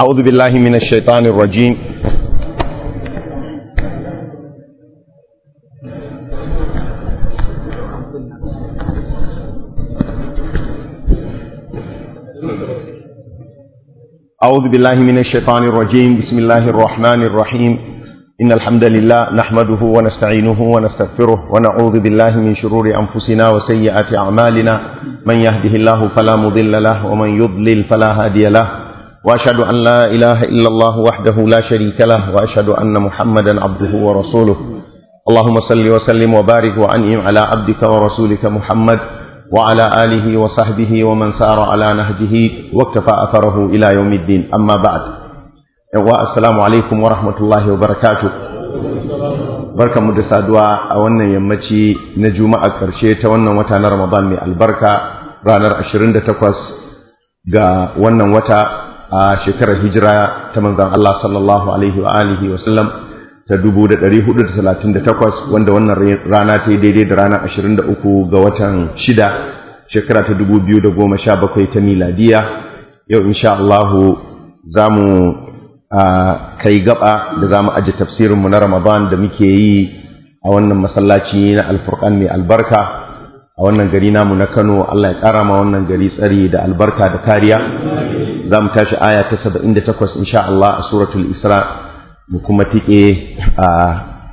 أعوذ بالله من الشيطان الرجيم أعوذ بالله من الشيطان الرجيم بسم الله الرحمن الرحيم إن الحمد لله نحمده ونستعينه ونستغفره ونعوذ بالله من شرور أنفسنا وسيئات أعمالنا من يهده الله فلا مضل له ومن يضلل فلا هادي له وأشهد أن لا إله إلا الله وحده لا شريك له وأشهد أن محمدا عبده ورسوله اللهم صل وسلم وبارك وأنعم على عبدك ورسولك محمد وعلى آله وصحبه ومن سار على نهجه واكتفى أثره إلى يوم الدين أما بعد yawa assalamu alaikum wa rahmatullahi wa barakatu barkanmu da saduwa a wannan yammaci na juma'a karshe ta wannan wata na ramadan mai albarka ranar 28 ga wannan wata a shekarar hijira ta manzan Allah sallallahu alaihi wa alihi wa sallam ta 1438 wanda wannan rana ta yi daidai da ranar 23 ga watan shida shekara ta 2017 ta miladiya yau insha Allah za mu kai gaba da za mu aji tafsirinmu na ramadan da muke yi a wannan masallaci na alfurkan mai albarka a wannan gari namu na kano allah ya kara ma wannan gari tsari da albarka da kariya za mu tashi aya ta saba'in da takwas insha allah a suratul isra mu kuma tike a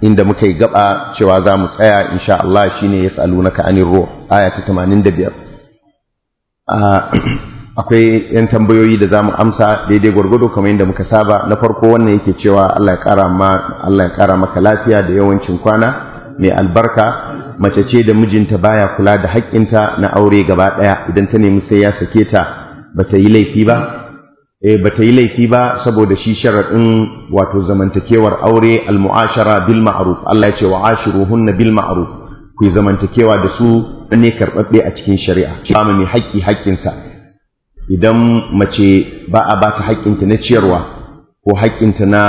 inda muka yi gaba cewa za mu tsaya insha allah shine ya tsalu na ka'anin ruwa aya ta tamanin da biyar akwai yan tambayoyi da zamu amsa daidai gwargwado kamar yadda muka saba na farko wannan yake cewa Allah ya kara ma Allah ya kara maka lafiya da yawancin kwana mai albarka mace ce da mijinta baya kula da haƙƙinta na aure gaba ɗaya idan ta nemi sai ya sake ta ba ta yi laifi ba eh ta yi laifi ba saboda shi sharaɗin wato zamantakewar aure almu'ashara bil ma'ruf Allah ya ce wa ashiruhunna bil ma'ruf ku zamantakewa da su ne karɓaɓɓe a cikin shari'a ba mai haƙƙi haƙƙinsa idan mace ba a ba ta haƙƙinta na ciyarwa ko haƙƙinta na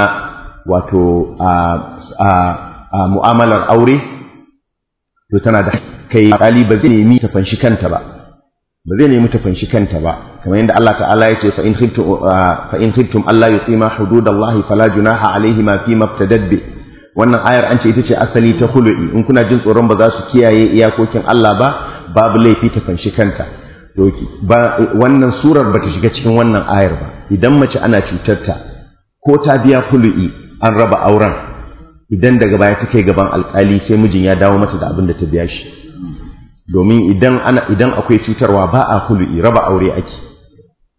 wato a mu'amalar aure to tana da kai alƙali ba zai nemi ta fanshi kanta ba ba zai nemi ta fanshi kanta ba kamar yadda Allah ta'ala ya ce fa in khiftum fa in khiftum Allah hududallahi fala junaha ma fi mabtadad wannan ayar an ce ita ce asali ta khulu'i in kuna jin tsoron ba za su kiyaye iyakokin Allah ba babu laifi ta fanshi kanta doki ba wannan surar bata shiga cikin wannan ayar ba idan mace ana cutar ta ko ta biya fulu'i an raba auren idan daga baya ta kai gaban alkali sai mijin ya dawo mata da abin da ta biya shi domin idan ana idan akwai cutarwa ba a fulu'i raba aure ake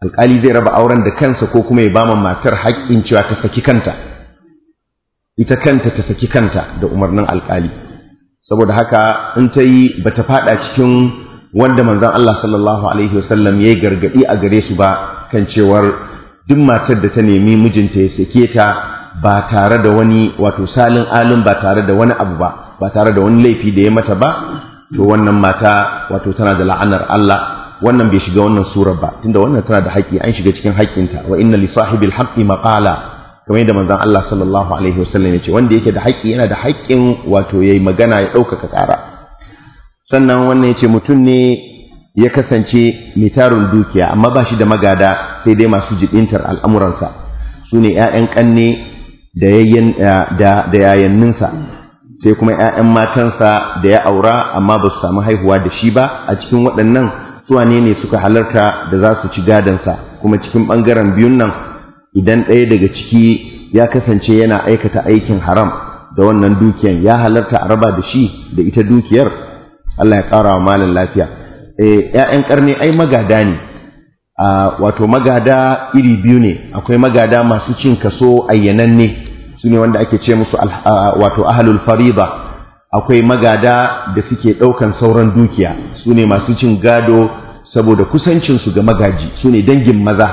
alkali zai raba auren da kansa ko kuma ya bama matar haƙƙin cewa ta saki kanta ita kanta ta saki kanta da umarnin alkali saboda haka in ta yi ba ta fada cikin wanda manzan Allah sallallahu alaihi wasallam gargadi a gare su ba kan cewar duk matar da ta nemi mijinta ya sake ta ba tare da wani wato salin alin ba tare da wani abu ba ba tare da wani laifi da ya mata ba to wannan mata wato tana da la'anar Allah wannan bai shiga wannan surar ba tunda wannan tana da haƙƙi an shiga cikin haƙƙinta wa inna li sahibil haqqi maqala kamar yadda manzon Allah sallallahu alaihi wasallam ya ce wanda yake da haƙƙi yana da haƙƙin wato yayi magana ya ɗaukaka ƙara sannan wannan ya ce mutum ne ya kasance mai taron dukiya amma ba shi da magada sai dai masu jibintar al'amuransa su ne ‘ya'yan ƙanne eh, da yayanninsa sai kuma ‘ya'yan matansa da ya aura amma ba su samu haihuwa da shi ba a cikin waɗannan suwane ne suka halarta da za su ci gadansa kuma cikin ɓangaren biyun nan idan ɗaya daga ciki ya kasance yana aikata aikin haram da wannan dukiyar, ya halarta a raba da shi da ita dukiyar Allah ya ƙara wa malam lafiya e eh, ƴaƴan ƙarni ai magada ne wato magada iri biyu ne akwai magada masu cin kaso ayyananne su ne wanda ake ce musu wato ahlul fariba akwai magada da suke ɗaukan sauran dukiya su ne masu cin gado saboda kusancinsu ga magaji su ne dangin maza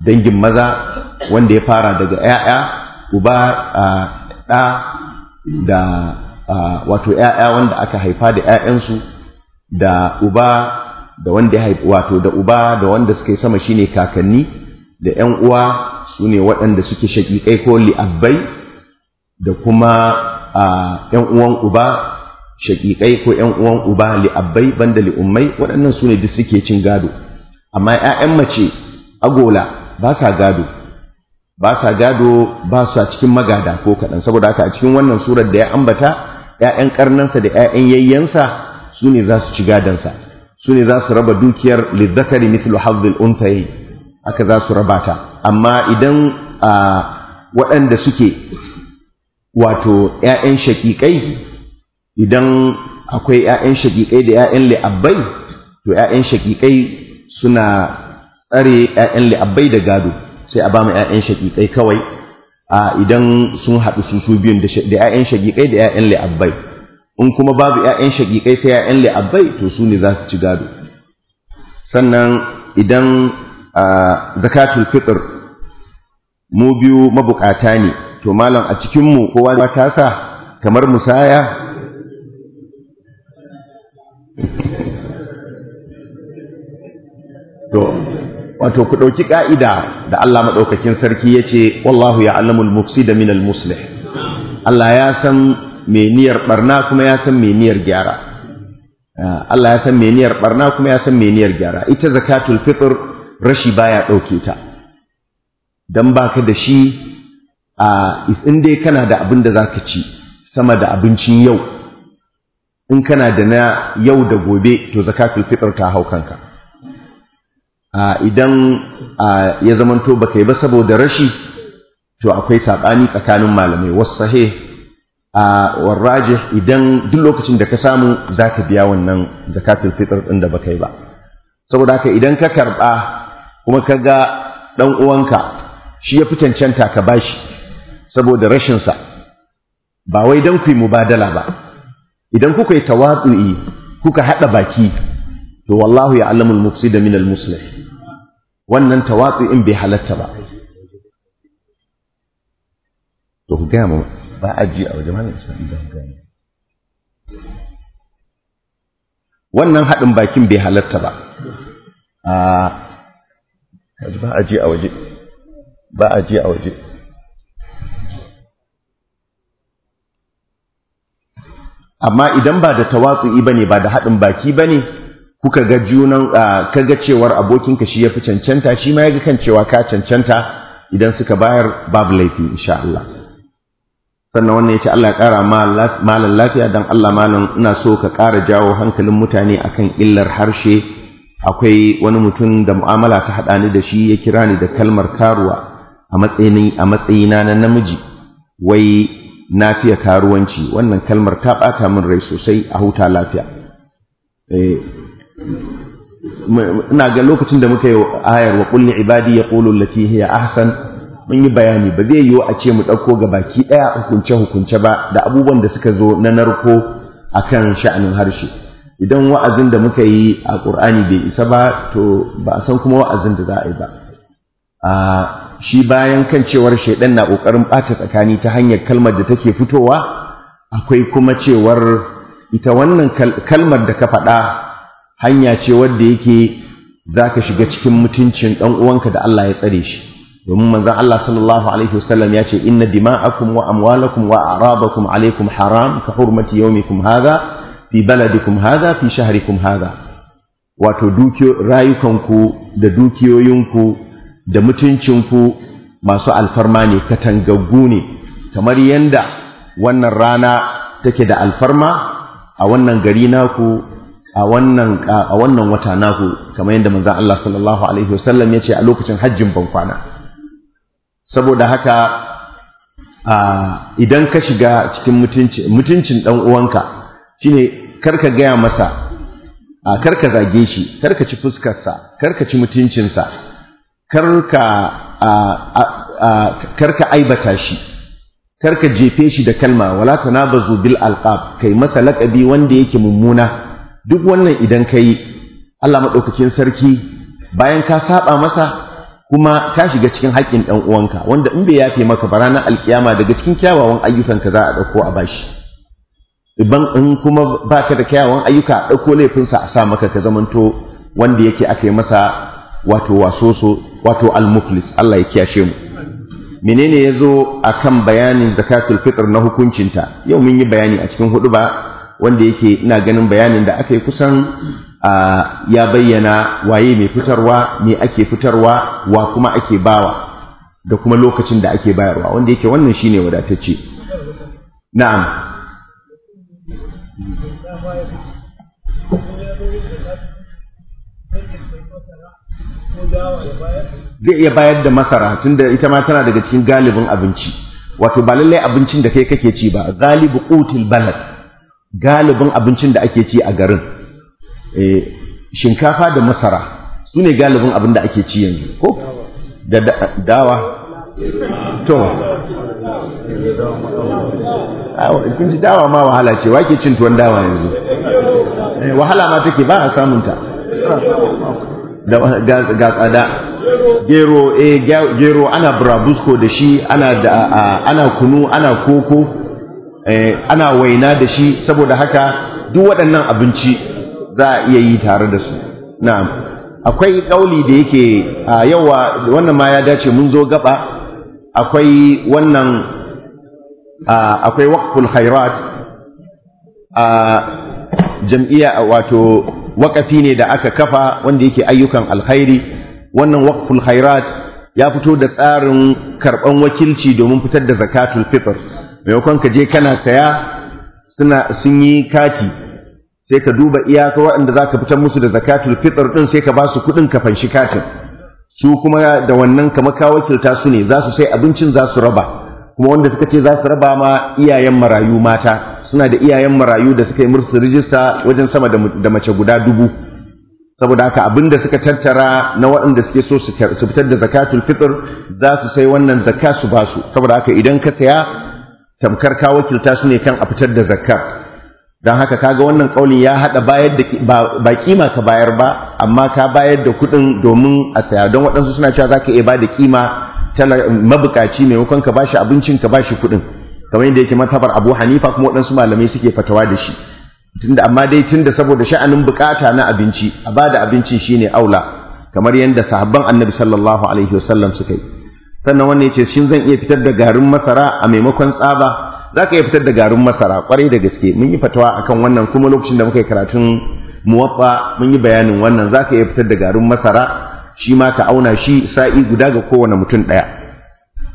dangin maza wanda ya fara daga ‘ya'ya uba ɗa da wato ‘ya'ya wanda aka haifa da ‘ya'yansu da uba da wanda ya haifa wato da uba da wanda suka yi sama shine kakanni da ‘yan uwa su ne waɗanda suke shaƙiƙai ko li'abbai da kuma ‘yan uwan uba shaƙiƙai ko ‘yan uwan uba li'abbai banda li'ummai waɗannan sune ne duk suke cin gado amma ‘ya'yan mace agola ba sa gado ba sa gado ba sa cikin magada ko kaɗan saboda haka a cikin wannan surar da ya ambata ‘ya'yan karnansa da ‘ya'yan yayyansa su ne za su ci gadansa su ne za su raba dukiyar lizzakari mislu hazzil untayi haka za su raba ta amma idan waɗanda suke wato ‘ya'yan shaƙiƙai idan akwai ‘ya'yan shaƙiƙai da ‘ya'yan li'abbai to ‘ya'yan shaƙiƙai suna tsare ‘ya'yan li'abbai da gado sai a ba mu ‘ya'yan shaƙiƙai kawai a idan sun haɗu su su biyun da 'ya'yan shagiƙai da 'ya'yan li'abbai in kuma babu 'ya'yan shagiƙai sai 'ya'yan li'abbai to su ne za su ci gado sannan idan zakatul fitr mu biyu mabukata ne to malam a cikinmu kowa ya sa kamar musaya to wato ku ɗauki ƙa'ida da Allah maɗaukakin sarki ya ce wallahu ya da minal muslih Allah ya san me niyyar ɓarna kuma ya san me niyyar gyara Allah ya san me niyyar ɓarna kuma ya san me niyyar gyara ita zakatul fitr rashi baya ɗauke ta dan baka da shi a in dai kana da abin da zaka ci sama da abincin yau in kana da na yau da gobe to zakatul fitr ta hau kanka idan ya zamanto baka yi ba saboda rashi to akwai saɓani tsakanin malamai wasu wasahe a warraje idan duk lokacin da ka samu za ka biya wannan zakatul fitr ɗin da baka yi ba saboda haka idan ka karɓa kuma ka ga ɗan uwanka shi ya fi cancanta ka ba shi saboda rashinsa ba wai don ku yi mubadala ba idan kuka yi tawaɗu'i kuka haɗa baki to wallahu ya'lamul mufsida min al muslih wannan in bai halatta ba to ku gaya mu ba a ji a wajen malam isma'il da gaya wannan haɗin bakin bai halatta ba a ba a ji a waje ba a ji a waje amma idan ba da tawatsu ba ne ba da haɗin baki ba ne kuka ga junan ka ga cewar abokinka shi ya fi cancanta shi ma ya ga kan cewa ka cancanta idan suka bayar babu laifi insha Allah sannan wannan yace Allah ya kara malan lafiya dan Allah malan ina so ka kara jawo hankalin mutane akan illar harshe akwai wani mutum da mu'amala ta haɗa ni da shi ya kira ni da kalmar karuwa a matsayin a matsayina na namiji wai na fiye karuwanci wannan kalmar ta ɓata min rai sosai a huta lafiya eh, ina ga lokacin da muka yi ayar wa kulli ibadi ya kulu lati hiya ahsan mun yi bayani ba zai yiwu a ce mu ɗauko ga baki ɗaya hukunce hukunce ba da abubuwan da suka zo na narko a akan sha'anin harshe idan wa'azin da muka yi a ƙur'ani bai isa ba to ba a san kuma wa'azin da za a yi ba shi bayan kan cewar shaidan na ƙoƙarin ɓata tsakani ta hanyar kalmar da take fitowa akwai kuma cewar ita wannan kalmar da ka faɗa hanya ce wadda yake za ka shiga cikin mutuncin ɗanuwanka uwanka da Allah ya tsare shi domin manzon Allah sallallahu alaihi wasallam ya ce inna dima'akum wa amwalakum wa a'rabakum alaikum haram ka hurmati yawmikum hadha fi baladikum hadha fi shaharikum-haza wato rayukanku da dukiyoyinku da mutuncinku masu alfarma ne katangaggu ne kamar yanda wannan rana take da alfarma a wannan gari naku a wannan a wannan wata naku kamar yadda manzon Allah sallallahu alaihi wasallam ya ce a lokacin hajjin bankwana saboda haka idan ka shiga cikin mutunci mutuncin dan uwanka shine karka gaya masa a karka zage shi karka ci fuskarsa karka ci mutuncinsa karka karka aibata shi karka jefe shi da kalma wala bazu bil alqab kai masa lakabi wanda yake mummuna duk wannan idan ka yi Allah maɗaukakin sarki bayan ka saba masa kuma ka shiga cikin haƙƙin ɗan uwanka wanda in bai yafe maka ba ranar alƙiyama daga cikin kyawawan ayyukanka za a ɗauko a bashi idan in kuma ba ka da kyawawan ayyuka a ɗauko laifinsa a sa maka ka zamanto wanda yake aka yi masa wato wasoso wato almuflis Allah ya kiyashe mu menene ya zo a kan bayanin zakatul fitr na hukuncinta yau mun yi bayani a cikin huɗu ba wanda yake ina ganin bayanin da aka yi kusan ya bayyana waye mai fitarwa me ake fitarwa wa kuma ake bawa da kuma lokacin da ake bayarwa wanda yake wannan shine wadatacce na'am zai iya bayar da masara tunda ita ma tana daga cikin galibin abinci wato ba lallai abincin da kai kake ci ba galibu qutil balad galibin abincin da ake ci a garin eh, shinkafa da masara su ne galibin abin da ake ci yanzu ko da dawa to kun ji dawa ma wahala ce wake cin tuwon dawa yanzu eh, wahala ma take ba a samunta ga tsada gero eh gero ana burabusko da shi ana kunu ana koko Eh, ana waina da shi saboda haka duk waɗannan abinci za a iya yi tare da su na'am akwai ƙauli da yake a yawa wannan ma ya dace mun zo gaba akwai wannan akwai waqful khairat a jam'iyya wato waƙafi ne da aka kafa wanda yake ayyukan alkhairi wannan waqful khairat ya fito da tsarin karɓan wakilci domin fitar da zakatul fitr maimakon ka je kana saya suna sun yi kati sai ka duba iyaka waɗanda za ka fitar musu da zakatul fitsar ɗin sai ka ba su kuɗin ka fanshi katin su kuma da wannan ka ka wakilta su ne za su sai abincin za su raba kuma wanda suka ce za su raba ma iyayen marayu mata suna da iyayen marayu da suka yi musu rijista wajen sama da mace guda dubu saboda haka abin da suka tattara na waɗanda suke so su fitar da zakatul fitr za su sai wannan zaka su ba su saboda haka idan ka saya tamkar ka wakilta su ne kan a fitar da zakkar don haka kaga wannan kaulin ya haɗa bayar da ba kima ka bayar ba amma ka bayar da kuɗin domin a saya don waɗansu suna cewa za ka iya ba da kima mabukaci maimakon ka shi abincin ka ba shi kuɗin kamar yadda yake matabar abu hanifa kuma waɗansu malamai suke fatawa da shi tunda amma dai tunda saboda sha'anin bukata na abinci a bada abincin shine aula kamar yadda sahabban annabi sallallahu alaihi wasallam suka yi sannan wannan yace shin zan iya fitar da garin masara a maimakon tsaba za ka iya fitar da garin masara kwarai da gaske mun yi fatawa akan wannan kuma lokacin da muka yi karatun muwaffa mun yi bayanin wannan za ka iya fitar da garin masara shi ma ka auna shi sa'i guda ga kowane mutum ɗaya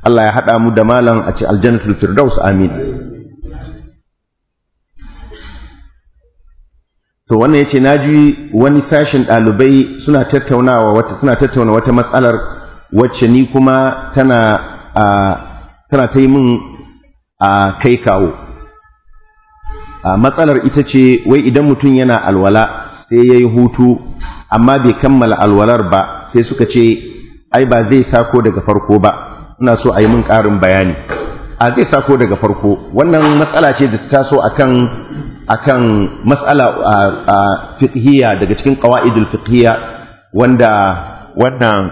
Allah ya haɗa mu da malam a ce aljannatul firdaus amin to wannan yace naji wani sashin ɗalibai suna tattaunawa wata suna tattauna wata matsalar wacce ni kuma tana tana ta yi min a kai kawo matsalar ita ce wai idan mutum yana alwala sai ya yi hutu amma bai kammala alwalar ba sai suka ce ai ba zai sako daga farko ba ina so a yi min ƙarin bayani a zai sako daga farko wannan matsala ce da ta so a kan matsala a fiqhiyya daga cikin ƙawa'idul fiqhiyya wanda wannan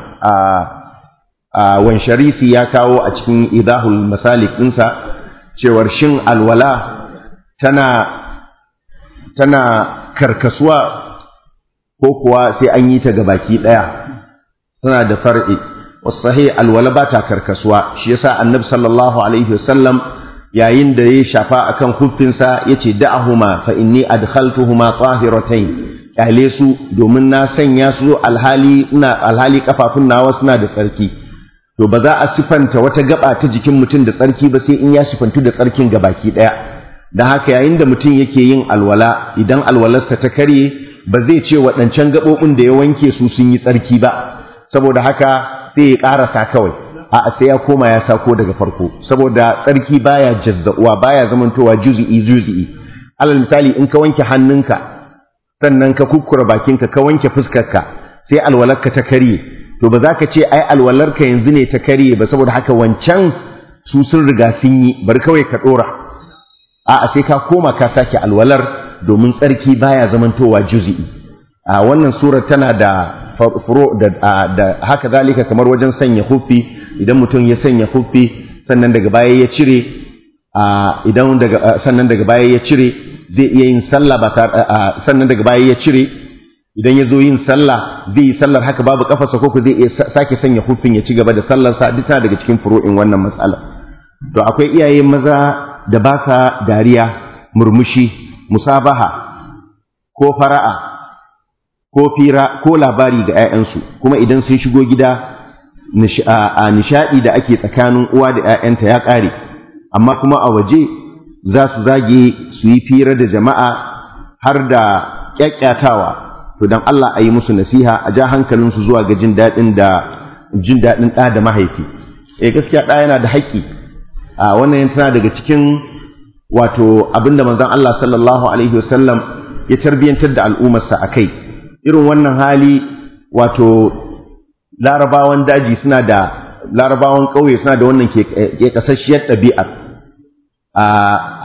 wan wansharisi ya kawo a cikin idahul masalik ɗinsa cewar shin alwala tana tana karkasuwa ko kuwa sai an yi ta ga baki ɗaya tana da far'i wasahi alwala ba ta karkasuwa shi yasa annabi sallallahu alaihi wasallam yayin da ya shafa akan kuffinsa ce da'ahuma fa inni adkhaltuhuma tahiratayn kyale su domin na sanya su alhali ina alhali kafafun nawa suna da tsarki to ba za a sifanta wata gaba ta jikin mutum da tsarki ba sai in ya sifantu da tsarkin ga baki ɗaya, don haka yayin da mutum yake yin alwala idan alwalarsa ta karye ba zai ce waɗancan gaɓoɓin da ya wanke su sun yi tsarki ba saboda haka sai ya ƙarasa kawai a sai ya koma ya sako daga farko saboda tsarki baya jazza'uwa baya zamantowa juzi'i juzi'i alal misali in ka wanke hannunka sannan ka kukkura bakinka ka wanke fuskarka sai alwalarka ta karye to ba za ka ce ai alwalarka yanzu ne ta karye ba saboda haka wancan su sun riga sun yi bari kawai ka ɗora a'a sai ka koma ka sake alwalar domin tsarki baya zamantowa juzi'i a wannan surar tana da furo da haka zalika kamar wajen sanya huffi idan mutum ya sanya huffi sannan daga baya ya cire idan daga sannan daga baya ya cire zai iya yin sallah ba sannan daga baya ya cire idan ya zo yin sallah zai yi sallar haka babu kafarsa ko zai iya sake sanya hufin ya ci gaba da sallarsa duk ta daga cikin furu'in wannan matsala to akwai iyaye maza da ba sa dariya murmushi musabaha ko fara'a ko fira ko labari ga 'ya'yansu kuma idan sun shigo gida a nishaɗi da ake tsakanin uwa da 'ya'yanta ya ƙare amma kuma a waje za su zage su yi fira da jama'a har da ƙyaƙƙyatawa to dan Allah a yi musu nasiha a ja hankalinsu zuwa ga jin daɗin da jin daɗin ɗa da mahaifi eh gaskiya ɗa yana da haƙƙi a wannan tana daga cikin wato abinda manzon Allah sallallahu alaihi wasallam ya tarbiyantar da al'ummarsa a kai irin wannan hali wato larabawan daji suna da larabawan ƙauye suna da wannan ke kasashiyar ɗabi'a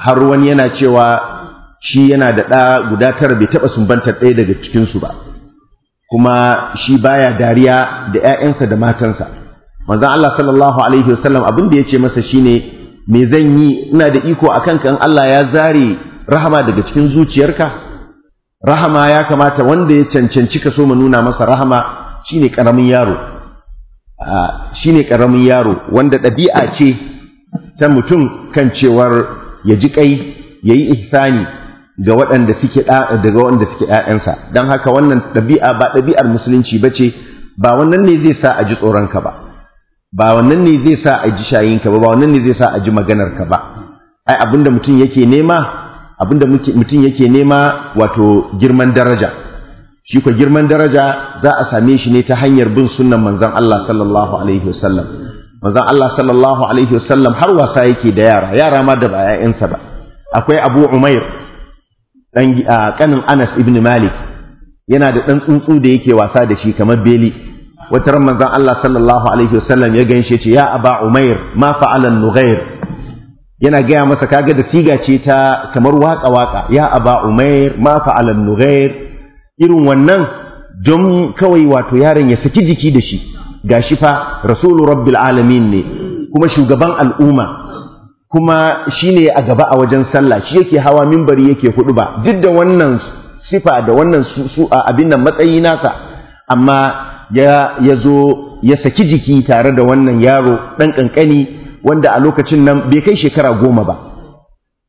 har wani yana cewa shi yana da ɗa guda tara bai taɓa sumbantar ɗaya daga cikinsu ba kuma shi baya dariya da ‘ya'yansa da matansa manzon Allah sallallahu alaihi wasallam abin da ya ce masa shine me zan yi ina da iko akan kan Allah ya zare rahama daga cikin zuciyarka rahama ya kamata wanda ya cancanci ka so mu nuna masa rahama shine ƙaramin yaro ne ƙaramin yaro wanda ɗabi'a ce ta mutum kan cewar ya ji ƙai ya yi ihsani ga waɗanda suke daga waɗanda suke ƴaƴansa don haka wannan ɗabi'a ba ɗabi'ar musulunci ba ce ba wannan ne zai sa a ji tsoronka ba ba wannan ne zai sa a ji shayinka ba ba wannan ne zai sa a ji maganarka ba ai abinda mutum yake nema abinda mutum yake nema wato girman daraja shi ko girman daraja za a same shi ne ta hanyar bin sunnan manzon Allah sallallahu alaihi wasallam manzon Allah sallallahu alaihi wasallam har wasa yake da yara yara ma da ba 'ya'yansa ba akwai Abu Umair dan kanin Anas ibn Malik yana da dan tsuntsu da yake wasa da shi kamar beli wata ran manzon Allah sallallahu alaihi wasallam ya ganshe ce ya Aba Umair ma fa'ala nughair yana gaya masa kaga da siga ce ta kamar waka waka ya Aba Umair ma fa'ala nughair irin wannan don kawai wato yaron ya saki jiki da shi gashi fa rasulu rabbil alamin ne kuma shugaban al'umma kuma shi ne a gaba a wajen sallah shi yake hawa mimbari yake hudu ba duk da wannan sifa da wannan su a abin nan matsayi nasa amma ya zo ya saki jiki tare da wannan yaro ɗan ƙanƙani wanda a lokacin nan bai kai shekara goma ba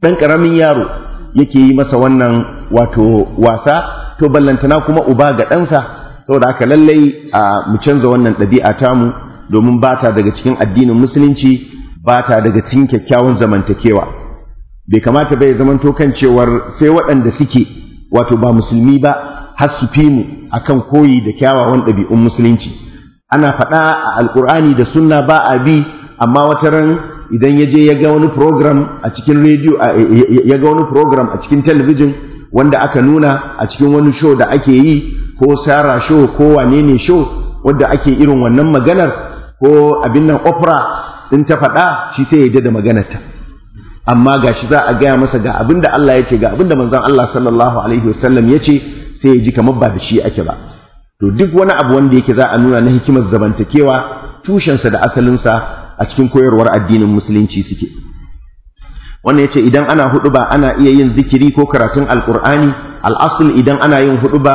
ɗan ƙaramin yaro yake yi masa wannan wato wasa to ballantana kuma uba ga ɗansa saboda haka lallai a mu canza wannan ɗabi'a tamu domin ba ta daga cikin addinin musulunci ba ta daga cikin kyakkyawan zamantakewa bai kamata bai zamanto kan cewar sai waɗanda suke wato ba musulmi ba har su fi mu akan koyi da kyawawan ɗabi'un musulunci ana faɗa a alkur'ani da sunna ba a bi amma wata ran idan ya je ya ga wani program a cikin rediyo ya ga wani program a cikin talabijin wanda aka nuna a cikin wani show da ake yi ko sara show ko wane ne show wanda ake irin wannan maganar ko abin nan opera in ta faɗa shi sai ya yadda da maganarta amma ga shi za a gaya masa ga abin da Allah ya ce ga abin da manzon Allah sallallahu alaihi wasallam ya ce sai ya ji kamar ba da shi ake ba to duk wani abu wanda yake za a nuna na hikimar zamantakewa tushensa da asalinsa a cikin koyarwar addinin musulunci suke wannan yace idan ana huɗuba ana iya yin zikiri ko karatun alqur'ani al'asul idan ana yin huɗuba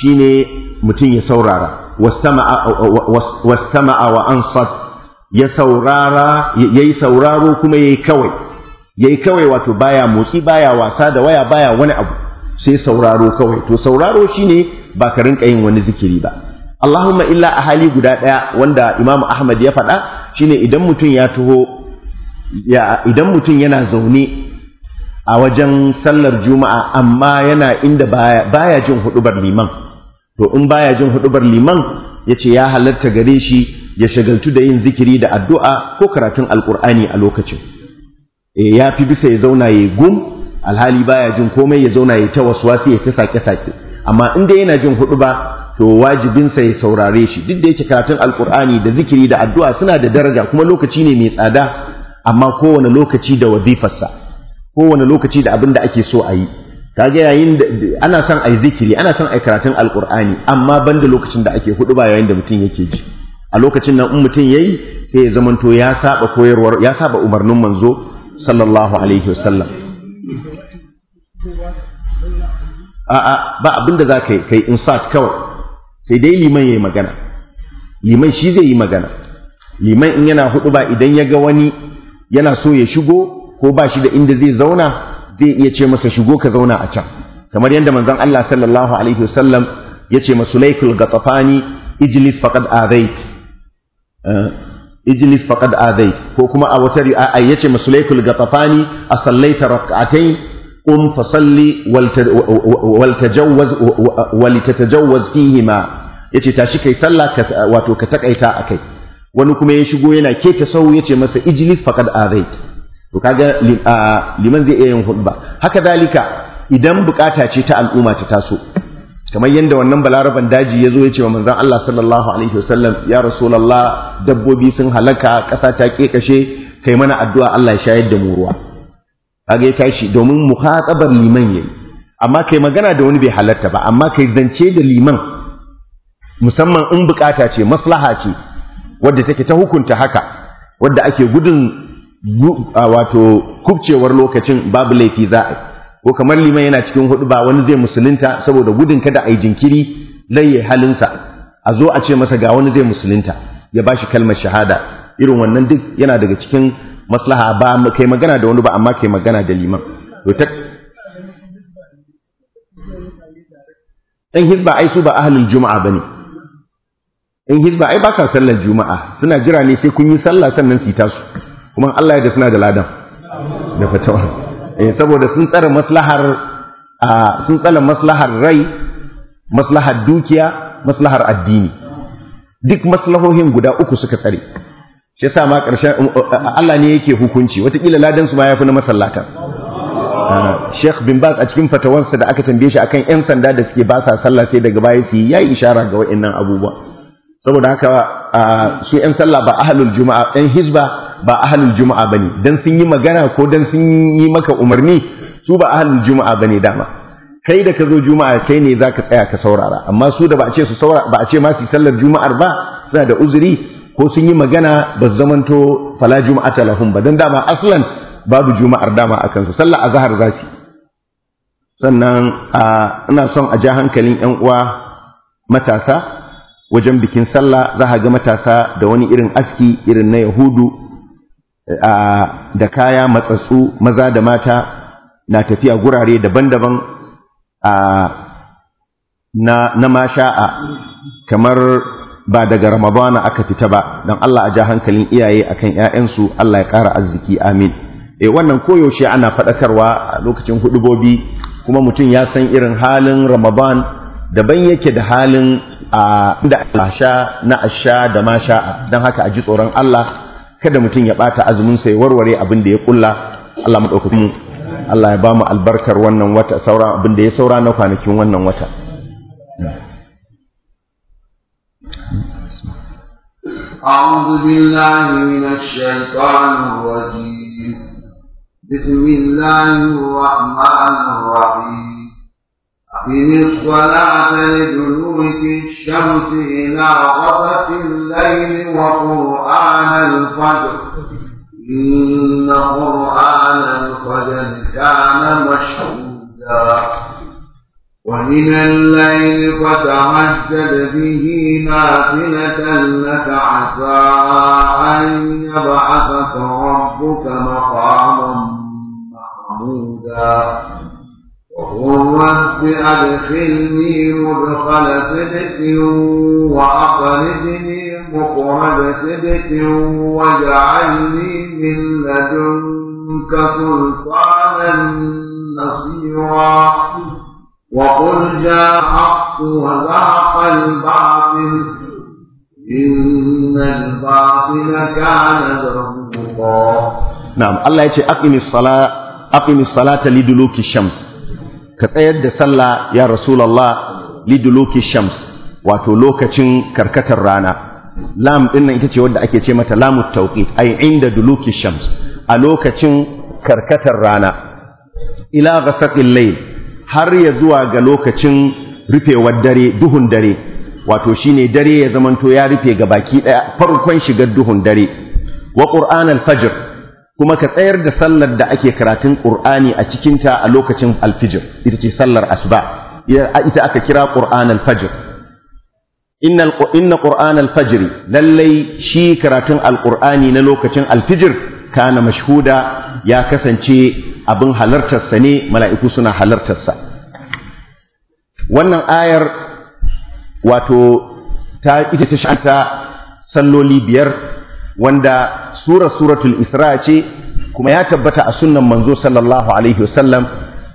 shine mutum ya saurara wastama'a wa ansat ya saurara yayi sauraro kuma yayi kawai yayi kawai wato baya motsi baya wasa da waya baya wani abu sai sauraro kawai to sauraro shine ba ka rinka yin wani zikiri ba Allahumma illa a hali guda ɗaya wanda Imam Ahmad ya faɗa shine idan mutum ya taho ya idan mutum yana zaune a wajen sallar juma'a amma yana inda baya, baya jin huɗubar liman to in baya jin huɗubar liman yace ya halarta gare shi ya shagaltu da yin zikiri da addu'a ko karatun alkur'ani a lokacin eh, ya fi bisa ya zauna ya gum alhali baya jin komai ya zauna ya ta wasu ya ta sake-sake amma inda yana jin hudu ba to wajibinsa ya saurare shi duk da yake karatun alkur'ani da zikiri da addu'a suna da daraja kuma lokaci ne mai tsada amma kowane lokaci da wazifarsa kowane lokaci da abin da ake so a yi ga yayin da ana son a yi zikiri ana son a yi karatun alkur'ani amma banda lokacin da ake hudu ba yayin da mutum yake ji a lokacin nan in mutum ya yi, sai ya zamanto ya saba koyarwar ya saba umarnin manzo sallallahu alaihi wasallam a a ba da za ka yi kai sat kawai sai dai liman yayi magana liman shi zai yi magana liman in yana hudu ba idan ya ga wani yana so ya shigo ko ba shi da inda zai zauna zai iya ce masa shigo ka zauna a can kamar yadda manzon Allah sallallahu alaihi wasallam ya ce masulaikul gatsafani ijlis faqad azait Eh, ijlis faqad adai ko kuma a wata ri'a yace masulaikul gatafani a sallaita rak'atain qum fa salli wal tajawwaz wal tatajawwaz fihima yace tashi kai sallah wato ka takaita akai wani kuma ya shigo yana ke sau yace masa ijlis faqad adai to kaga liman zai iya yin hudba haka dalika idan bukata ce ta al'umma ta taso kamar yadda wannan balaraban daji ya zo ya ce wa manzan Allah sallallahu alaihi wasallam ya rasulallah dabbobi sun halaka ƙasa ta ƙeƙashe kai mana addu'a Allah ya shayar da mu ruwa ga ya tashi domin mu muhatabar liman yayi amma kai magana da wani bai halarta ba amma kai zance da liman musamman in bukata ce maslaha ce wadda take ta hukunta haka wadda ake gudun wato kubcewar lokacin babu laifi za a yi ko kamar liman yana cikin hudu ba wani zai musulunta saboda gudun kada a yi jinkiri laye halinsa a zo a ce masa ga wani zai musulunta ya ba shi kalmar shahada irin wannan duk yana daga cikin maslaha ba kai magana da wani ba amma kai magana da liman in hizba ai su ba ahlul juma'a bane in hizba ai ba ka sallar juma'a suna jira ne sai kun yi sallah sannan su yi tasu kuma Allah ya da suna da ladan da fatawa Eh, saboda sun tsara maslahar sun tsara maslahar rai maslahar dukiya maslahar addini duk maslahohin guda uku suka tsare shi yasa ma ƙarshen um, uh, uh, Allah ne yake hukunci wataƙila ladan su ma yafi na masallata Sheikh bin Baz a cikin fatawarsa da aka tambaye shi akan ƴan sanda da suke ba sa sallah sai daga baya su yi ishara ga wa'annan abubuwa saboda haka su ƴan sallah ba ahlul juma'a ƴan hizba ba halin juma'a bane dan sun yi magana ko dan sun yi maka umarni su ba ahalul juma'a bane dama kai da ka zo juma'a kai ne zaka tsaya ka saurara amma su da ba a ce su saurara ba a ce ma su sallar juma'ar ba suna da uzuri ko sun yi magana ba zamanto fala juma'ata lahum ba dan dama aslan babu juma'ar dama akan su sallar azhar zaki sannan ina son a ja hankalin yan uwa matasa wajen bikin sallah za ga matasa da wani irin aski irin na yahudu da kaya matsatsu maza da mata na tafiya gurare daban-daban na masha'a kamar ba daga ramadana aka fita ba Dan Allah a ja hankalin iyaye akan 'ya'yansu Allah ya ƙara arziki amin eh wannan koyaushe ana faɗakarwa a lokacin hudubobi kuma mutum ya san irin halin ramadan daban yake da halin da sha na asha da masha'a don haka a ji tsoron Allah kada mutum ya bata azumin sa ya warware abin da ya kulla Allah mu Allah ya ba mu albarkar wannan wata saura abin da ya saura na kwanakin wannan wata أعوذ بالله من الشيطان الرجيم بسم الله الرحمن الرحيم أقم الصلاة لدلوك طلوك الشمس إلى غسق الليل وقرآن الفجر إن قرآن الفجر كان مشهودا ومن الليل فتعجل به نافلة لك عسى أن يبعثك ربك مقاما محمودا وهو رب أدخلني مدخل صدق وأخرجني مخرج صدق واجعلني من لدنك سلطانا نصيرا وقل جاء الحق وزهق الباطل إن الباطل كان ذهوقا نعم الله يقول أقم الصلاة أقم الصلاة لدلوك الشمس ka tsayar da sallah ya rasulullah liduluki shams wato lokacin karkatar rana lam din nan ita ce wadda ake ce mata lamu tawqit ai inda duluki shams a lokacin karkatar rana ila ghasaqil layl har ya zuwa ga lokacin rufewar dare duhun dare wato shine dare ya zamanto ya rufe ga baki daya farkon shigar duhun dare wa qur'an al-fajr kuma ka tsayar da sallar da ake karatun ƙur'ani a cikinta a lokacin alfijir ita ce sallar asuba ita aka kira ƙur'an alfajir inna ƙur'an alfajir lallai shi karatun alƙur'ani na lokacin alfijir kana mashhuda ya kasance abin halartarsa ne mala'iku suna halartarsa wannan ayar wato ta ita ta shanta salloli biyar wanda sura suratul isra ce kuma ya tabbata a sunnan manzo sallallahu alaihi wasallam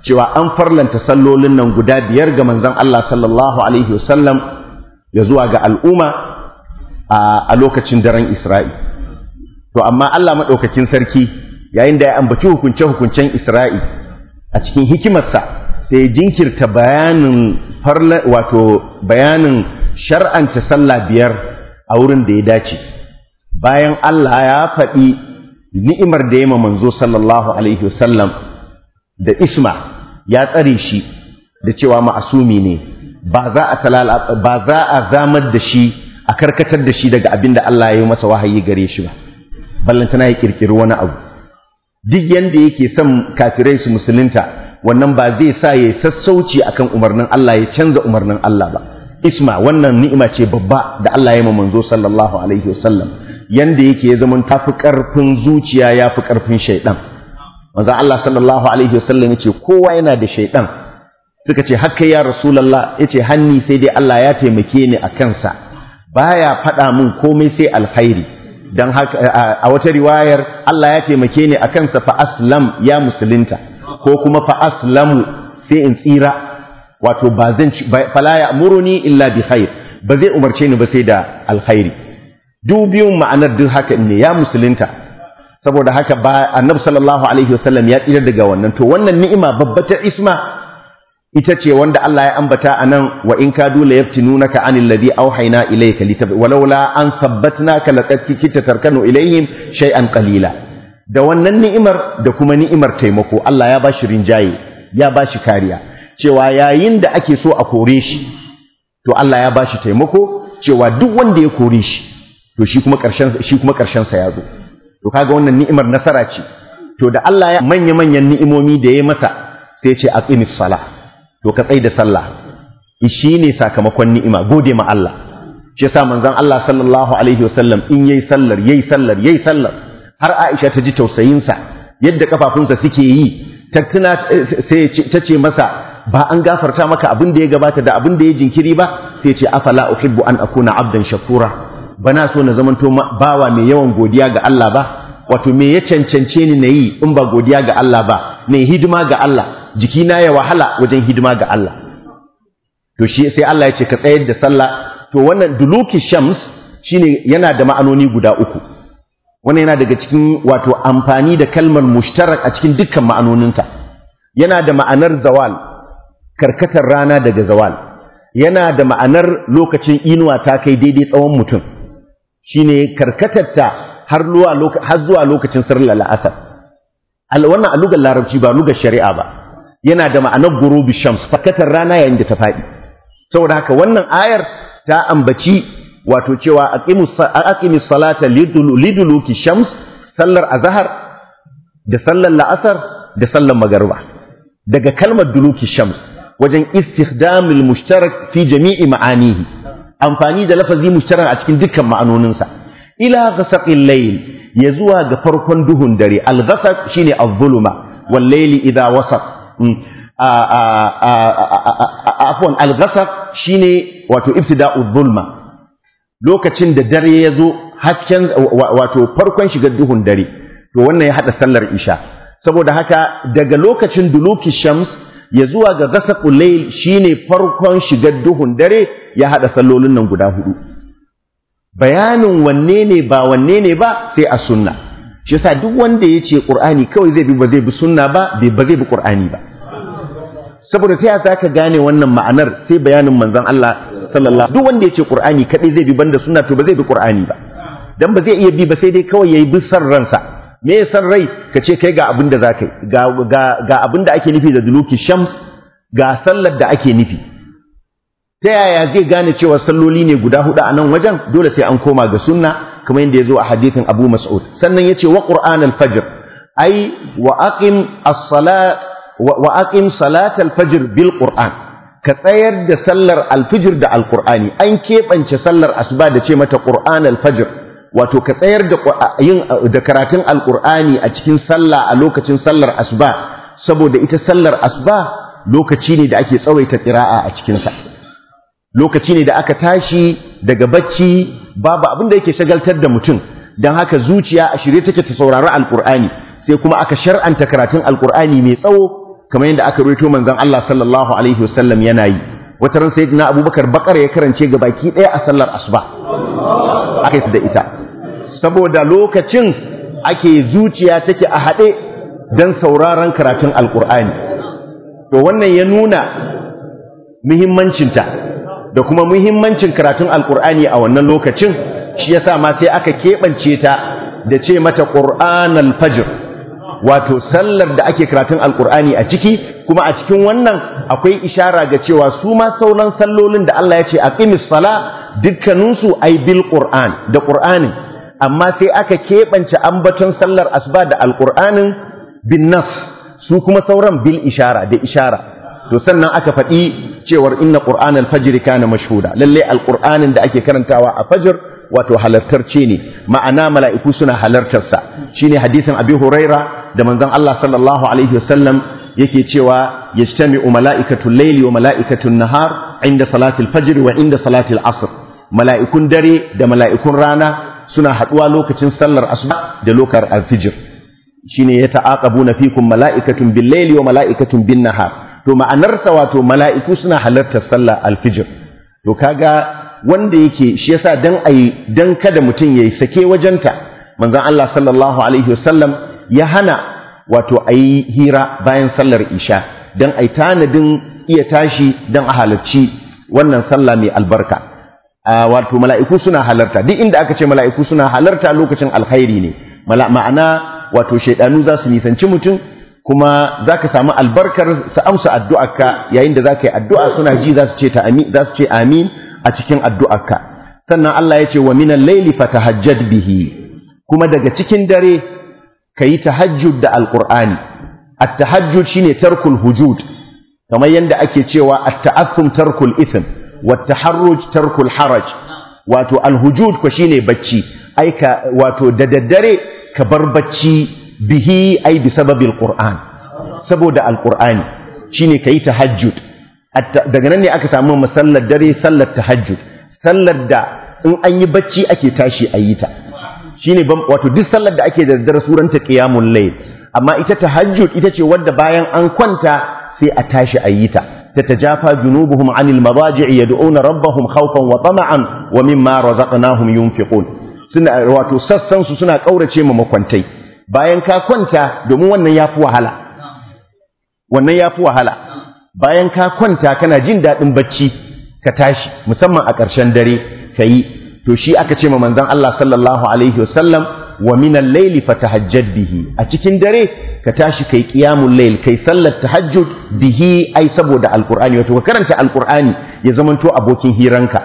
cewa an farlanta sallolin nan guda biyar ga manzon Allah sallallahu alaihi wasallam ya zuwa ga al'umma a lokacin daren isra'i to amma Allah madaukakin sarki yayin da ya ambaci hukunce hukuncen isra'i a cikin hikimarsa sai jinkirta bayanin farla wato bayanin shar'anta sallah biyar a wurin da ya dace bayan Allah ya faɗi ni'imar da ya ma manzo sallallahu alaihi wasallam da isma ya tsare shi da cewa ma'asumi ne ba za a zamar da shi a karkatar da shi daga abin da Allah ya yi masa wahayi gare shi ba ballantana ya kirkiri wani abu duk yanda yake son kafirai su musulunta wannan ba zai sa ya yi sassauci akan umarnin Allah ya canza umarnin Allah ba isma wannan ni'ima ce babba da Allah ya manzo sallallahu alaihi wasallam yanda yake ya zama tafi karfin zuciya ya fi karfin shaidan manzo Allah sallallahu alaihi wasallam yace kowa yana da shaidan suka ce haka ya rasulullah yace hanni sai dai Allah ya taimake ni a kansa baya faɗa min komai sai alkhairi dan haka a wata riwayar Allah ya taimake ni a kansa fa ya musulunta ko kuma fa aslamu sai in tsira wato ba zan fala ya muruni illa bi khair ba zai umarce ni ba sai da alkhairi Dubiyun ma'anar duk haka ne ya musulunta saboda haka ba annabi sallallahu alaihi wasallam ya tsira daga wannan to wannan ni'ima ta isma ita ce wanda Allah ya ambata anan wa in ka dula yaftinunaka anil ladhi awhayna ilayka litab walawla an sabbatnaka laqad kitta tarkanu ilayhim shay'an qalila da wannan ni'imar da kuma ni'imar taimako Allah ya bashi rinjaye ya bashi kariya cewa yayin da ake so a kore shi to Allah ya bashi taimako cewa duk wanda ya kore shi to shi kuma ƙarshen sa ya zo to kaga wannan ni'imar nasara ce to da Allah ya manya manyan ni'imomi da ya masa sai ya ce aqimis sala to ka tsai da sallah shi ne sakamakon ni'ima gode ma Allah shi yasa manzon Allah sallallahu alaihi wasallam in yayi sallar yai sallar yai sallar har Aisha ta ji tausayinsa yadda kafafunsa suke yi ta ta ce masa ba an gafarta maka abin da ya gabata da abin da ya jinkiri ba sai ce afala uhibbu an akuna abdan shakura ba na so na zamanto bawa mai yawan godiya ga Allah ba wato me ya cancance ni na yi in ba godiya ga Allah ba Mai hidima ga Allah Jiki na ya wahala wajen hidima ga Allah to shi sai Allah ya ce ka tsayar da sallah to wannan duluki shams shine yana da ma'anoni guda uku wannan yana daga cikin wato amfani da kalmar mushtarak a cikin dukkan ma'anoninta yana da ma'anar zawal karkatar rana daga zawal yana da ma'anar lokacin inuwa ta kai daidai tsawon mutum shine karkatarta har zuwa lokacin sallar la'asar wannan a larabci ba lugar shari'a ba yana da ma'anar gurubi shams fakatar rana yayin da ta faɗi saboda haka wannan ayar ta ambaci wato cewa aqimus salata liduluki shams sallar azhar da sallar la'asar da sallar magariba daga kalmar duluki shams wajen istikhdamul mushtarak fi jami'i ma'anihi amfani da lafazi mushtarar a cikin dukkan ma'anoninsa ila ghasaqil layl ya zuwa ga farkon duhun dare al ghasaq shine az-zuluma wal layli idha wasaq mm. afwan al ghasaq shine wato ibtida'u zulma lokacin da dare ya zo hasken wato farkon shigar duhun dare to wannan ya hada sallar isha saboda haka daga lokacin duluki shams ya zuwa ga gasa layl shine farkon shigar duhun dare ya haɗa sallolin nan guda hudu bayanin wanne ne ba wanne ne ba sai a sunna shi yasa duk wanda ya ce qur'ani kawai zai bi ba zai bi sunna ba ba zai bi qur'ani ba saboda ta yasa ka gane wannan ma'anar sai bayanin manzon Allah sallallahu duk wanda ya ce ƙur'ani kaɗai zai bi banda sunna to ba zai bi qur'ani ba dan ba zai iya bi ba sai dai kawai ya yi san ransa me ya san rai ka ce kai ga abin da za ka ga abin da ake nufi da duluki shams ga sallar da ake nufi ta yaya zai gane cewa salloli ne guda hudu a nan wajen dole sai an koma ga sunna kamar yadda ya zo a hadithin abu mas'ud sannan ya ce wa qur'an al-fajr ai wa aqim as-salat wa bil qur'an ka tsayar da sallar alfijir da al an keɓance sallar asuba da ce mata qur'an al wato ka tsayar da yin da karatun alqur'ani a cikin sallah a lokacin sallar asuba saboda ita sallar asuba lokaci ne da ake tsawaita qira'a a cikin sa lokaci ne da aka tashi daga bacci babu abin da yake shagaltar da mutum dan haka zuciya a shirye take ta saurari alqur'ani sai kuma aka shar'anta karatun alqur'ani mai tsawo kamar yadda aka rubuto manzon Allah sallallahu alaihi wasallam yana yi wata ran sayyidina Abubakar Bakar ya karance gabaki ɗaya daya a sallar asuba aka yi da ita saboda lokacin ake zuciya take a haɗe don sauraron karatun alkur'ani to wannan ya nuna muhimmancinta da kuma muhimmancin karatun alkur'ani a wannan lokacin shi yasa ma sai aka keɓance ta da ce mata ƙur'an alfajir wato sallar da ake karatun alkur'ani a ciki kuma a cikin wannan akwai ishara ga cewa su ma sauran sallolin da Allah ya ce a ƙimis sala dukkaninsu ai bil qur'an da qur'anin amma sai aka keɓance ambaton sallar asuba da alqur'anin bin nas su kuma sauran bil ishara da ishara to sannan aka faɗi cewar inna qur'an fajiri kana mashhuda lallai alqur'anin da ake karantawa a fajir wato halartarce ne ma'ana mala'iku suna halartarsa shine hadisin abi huraira da manzon Allah sallallahu alaihi wasallam yake cewa yajtami'u mala'ikatul layli wa mala'ikatul nahar inda salatil fajr wa inda salatil asr mala'ikun dare da mala'ikun rana suna haɗuwa lokacin sallar asuba da lokar alfijir shine ya ta'aqabu na fikum mala'ikatun bil laili wa mala'ikatun bin nahar to ma'anarsa wato mala'iku suna halartar sallar alfijir to kaga wanda yake shi yasa dan ayi dan kada mutum yayi sake wajenta manzon Allah sallallahu alaihi wasallam ya hana wato ayi hira bayan sallar isha dan ai tanadin iya tashi dan a halarci wannan sallah mai albarka Ah, wato mala'iku suna halarta duk inda aka ce mala'iku suna halarta lokacin alkhairi ne ma'ana wato shaidanu za su nisanci mutum kuma za ka samu albarkar su amsa addu'arka yayin da za ka yi addu'a suna ji za su ce amin a cikin addu'arka sannan Allah ya ce wa minan laili fatahajjad bihi kuma daga cikin dare ka yi tahajjud da alqur'ani at-tahajjud shine tarkul hujud kamar yadda ake cewa at-ta'assum tarkul ithm والتحرج ترك الحرج واتو الهجود كشيني بچي أي ك واتو دددري كبر بچي به أي بسبب القرآن سبب القرآن شيني كي تهجد دغنني أكسامو مسلة دري سلة تهجد sallar da in an bacci ake tashi a wato duk sallar da ake da daddare suranta ƙiyamun layl amma ita tahajjud ita ce wadda bayan an kwanta sai a tashi a تتجافى جنوبهم عن المضاجع يدعون ربهم خوفا وطمعا ومما رزقناهم ينفقون suna wato sassan su suna ƙaurace ma makwantai bayan ka kwanta domin wannan yafi wahala wahala bayan ka kwanta kana jin daɗin barci ka tashi musamman a ƙarshen dare kayi to shi aka ce ma manzon Allah wa minan laili fatahajjad bihi a cikin dare ka tashi kai qiyamul layl kai sallar tahajjud bihi ai saboda alqur'ani wato ka karanta alqur'ani ya zamanto abokin hiranka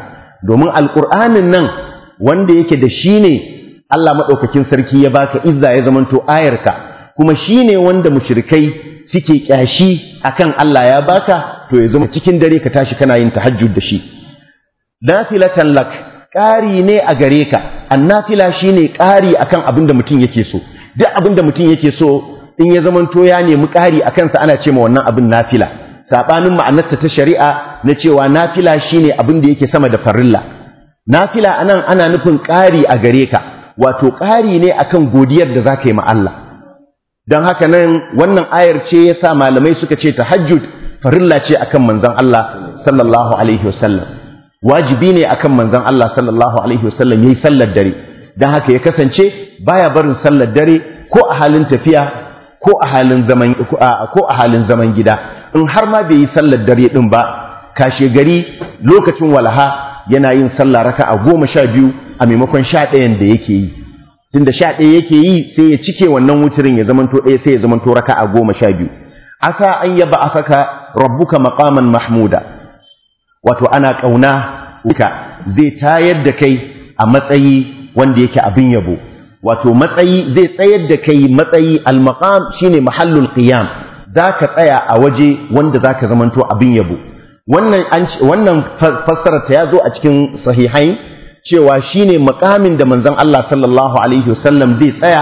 domin alqur'anin nan wanda yake da shine Allah madaukakin sarki ya baka izza ya zamanto ayarka kuma shine wanda mushrikai suke kyashi akan Allah ya baka to ya zama cikin dare ka tashi kana yin tahajjud da shi dafilatan lak ƙari ne a gare ka annafila shine ƙari akan abin da mutum yake so duk abin da mutum yake so in ya zamanto ya nemi ƙari a kansa ana ce ma wannan abin nafila saɓanin ma'anarsa ta shari'a na cewa nafila shine abin da yake sama da farilla nafila anan ana nufin ƙari a gare ka wato ƙari ne akan godiyar da zaka yi ma Allah don haka nan wannan ayar ce ya sa malamai suka ce tahajjud farilla ce akan manzon Allah sallallahu alaihi wasallam wajibi ne akan manzon Allah sallallahu alaihi wasallam yayi sallar dare dan haka ya kasance baya barin sallar dare ko a halin tafiya ko a halin zaman ko a halin zaman gida in har ma bai yi sallar dare din ba kashe gari lokacin walaha yana yin sallah raka'a goma sha biyu a maimakon sha ɗayan da yake yi tunda sha ɗaya yake yi sai ya cike wannan wucirin ya zamanto ɗaya sai ya zamanto raka'a goma sha biyu asa an yaba afaka rabbuka maqaman mahmuda wato ana ƙauna ka zai tayar da kai a matsayi wanda yake abin yabo wato matsayi zai tsayar da kai matsayi al shine mahallul qiyam zaka tsaya a waje wanda zaka zamanto abin yabo wannan wannan fassarar ta yazo a cikin sahihain cewa shine makamin da manzon Allah sallallahu alaihi wasallam zai tsaya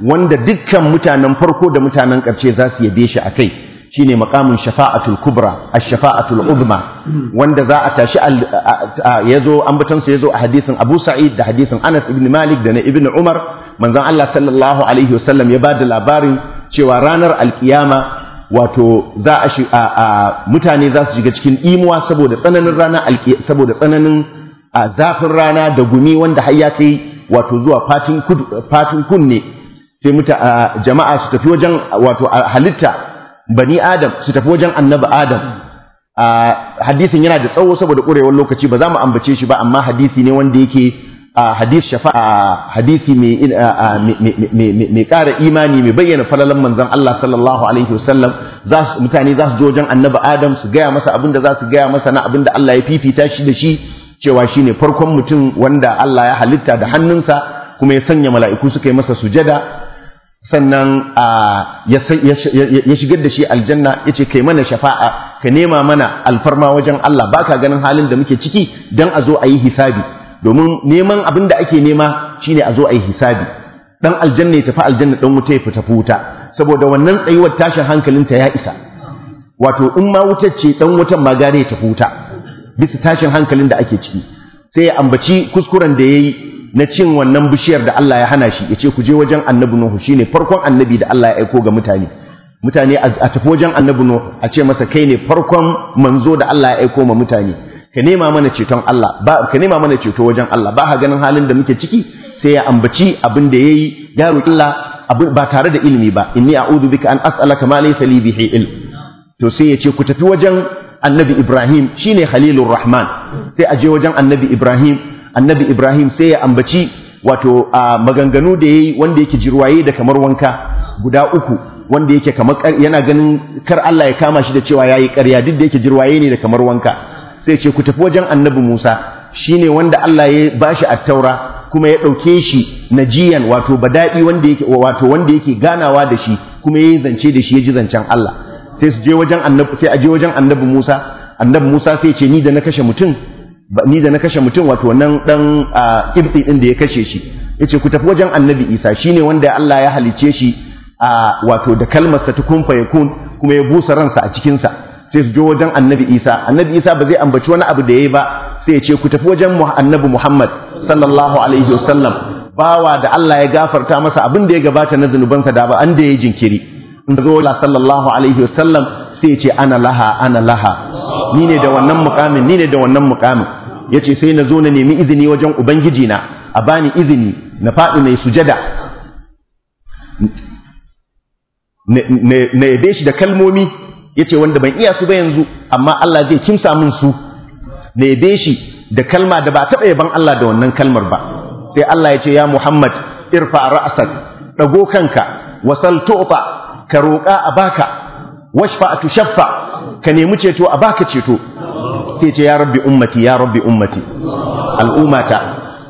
wanda dukkan mutanen farko da mutanen ƙarshe za su yabe shi kai. shine maqamun shafa'atul kubra a shafaatul uzma wanda za a tashi zo an sa yazo a hadisin Abu Sa'id da hadisin Anas ibn Malik da na Ibn Umar manzon Allah sallallahu alaihi wasallam ya bada labarin cewa ranar alkiyama wato za a mutane za su shiga cikin imuwa saboda tsananin rana saboda tsananin zafin rana da gumi wanda har ya kai wato zuwa fatin kunne sai jama'a su tafi wajen wato halitta bani adam su tafi wajen annabi adam hadisin yana da tsawo saboda ƙurewar lokaci ba za mu ambace shi ba amma hadisi ne wanda yake hadis shafa'a hadisi mai ƙara imani mai bayyana falalan manzan Allah sallallahu alaihi wasallam za mutane za su je wajen annabi adam su gaya masa abin da za su gaya masa na abin da Allah ya fifita shi da shi cewa shine farkon mutum wanda Allah ya halitta da hannunsa kuma ya sanya mala'iku suka yi masa sujada sannan ya shigar da shi aljanna ya ce kai mana shafa'a ka nema mana alfarma wajen Allah ba ka ganin halin da muke ciki don a zo a yi hisabi domin neman abin da ake nema shine a zo a yi hisabi dan aljanna ya tafi aljanna dan wuta ya fita wuta saboda wannan tsayuwar tashin hankalin ta ya isa wato in ma wutar ce dan wutan ma gare ya tafi wuta bisa tashin hankalin da ake ciki sai ya ambaci kuskuren da ya yi na cin wannan bishiyar da Allah ya hana shi ya ce ku je wajen annabi Nuhu shine farkon annabi da Allah ya aiko ga mutane mutane a tafi wajen annabi Nuhu a ce masa kai ne farkon manzo da Allah ya aiko ma mutane ka nema mana ceton Allah ba ka nema mana ceto wajen Allah ba ha ganin halin da muke ciki sai ya ambaci abin da yayi ya roki Allah ba tare da ilimi ba inni a'udhu bika an as'alaka ma laysa li bihi ilm to sai ya ce ku tafi wajen annabi Ibrahim shine Khalilur Rahman sai aje wajen annabi Ibrahim annabi Ibrahim sai ya ambaci wato maganganu da ya yi wanda yake jirwaye da kamar wanka guda uku wanda yake kamar yana ganin kar Allah ya kama shi da cewa ya yi karya duk da yake jirwaye ne da kamar wanka sai ce ku tafi wajen annabi Musa shi ne wanda Allah ya bashi a taura kuma ya dauke shi najiyan wato badaɗi, wanda wato wanda yake ganawa da shi kuma ya yi zance da shi ya ji zancen Allah sai sai a je wajen annabi Musa annabi Musa sai ce ni da na kashe mutum ni da na kashe mutum wato nan dan kibti din da ya kashe shi yace ku tafi wajen annabi isa shine wanda Allah ya halice shi wato da kalmarsa ta kun fayakun kuma ya busa ransa a cikin sa sai su je wajen annabi isa annabi isa ba zai ambaci wani abu da yayi ba sai ya ku tafi wajen annabi muhammad sallallahu alaihi wasallam bawa da Allah ya gafarta masa abin da ya gabata na zunubansa da ba an da ya jinkiri in zo sallallahu alaihi wasallam sai ya ana laha ana laha ni ne da wannan mukamin ni ne da wannan mukamin yace sai na zo na nemi izini wajen ubangiji na a bani izini na faɗi mai sujada na yabe shi da kalmomi yace wanda ban iya su ba yanzu amma Allah zai kimsa min su na yabe shi da kalma da ba taɓa yaban Allah da wannan kalmar ba sai Allah ya ce ya Muhammad irfa ra'sak dago kanka wasal tu'ta ka roƙa a baka washfa tushaffa ka nemi ceto a baka ceto sai ce ya rabbi ummati ya rabbi ummati al'ummata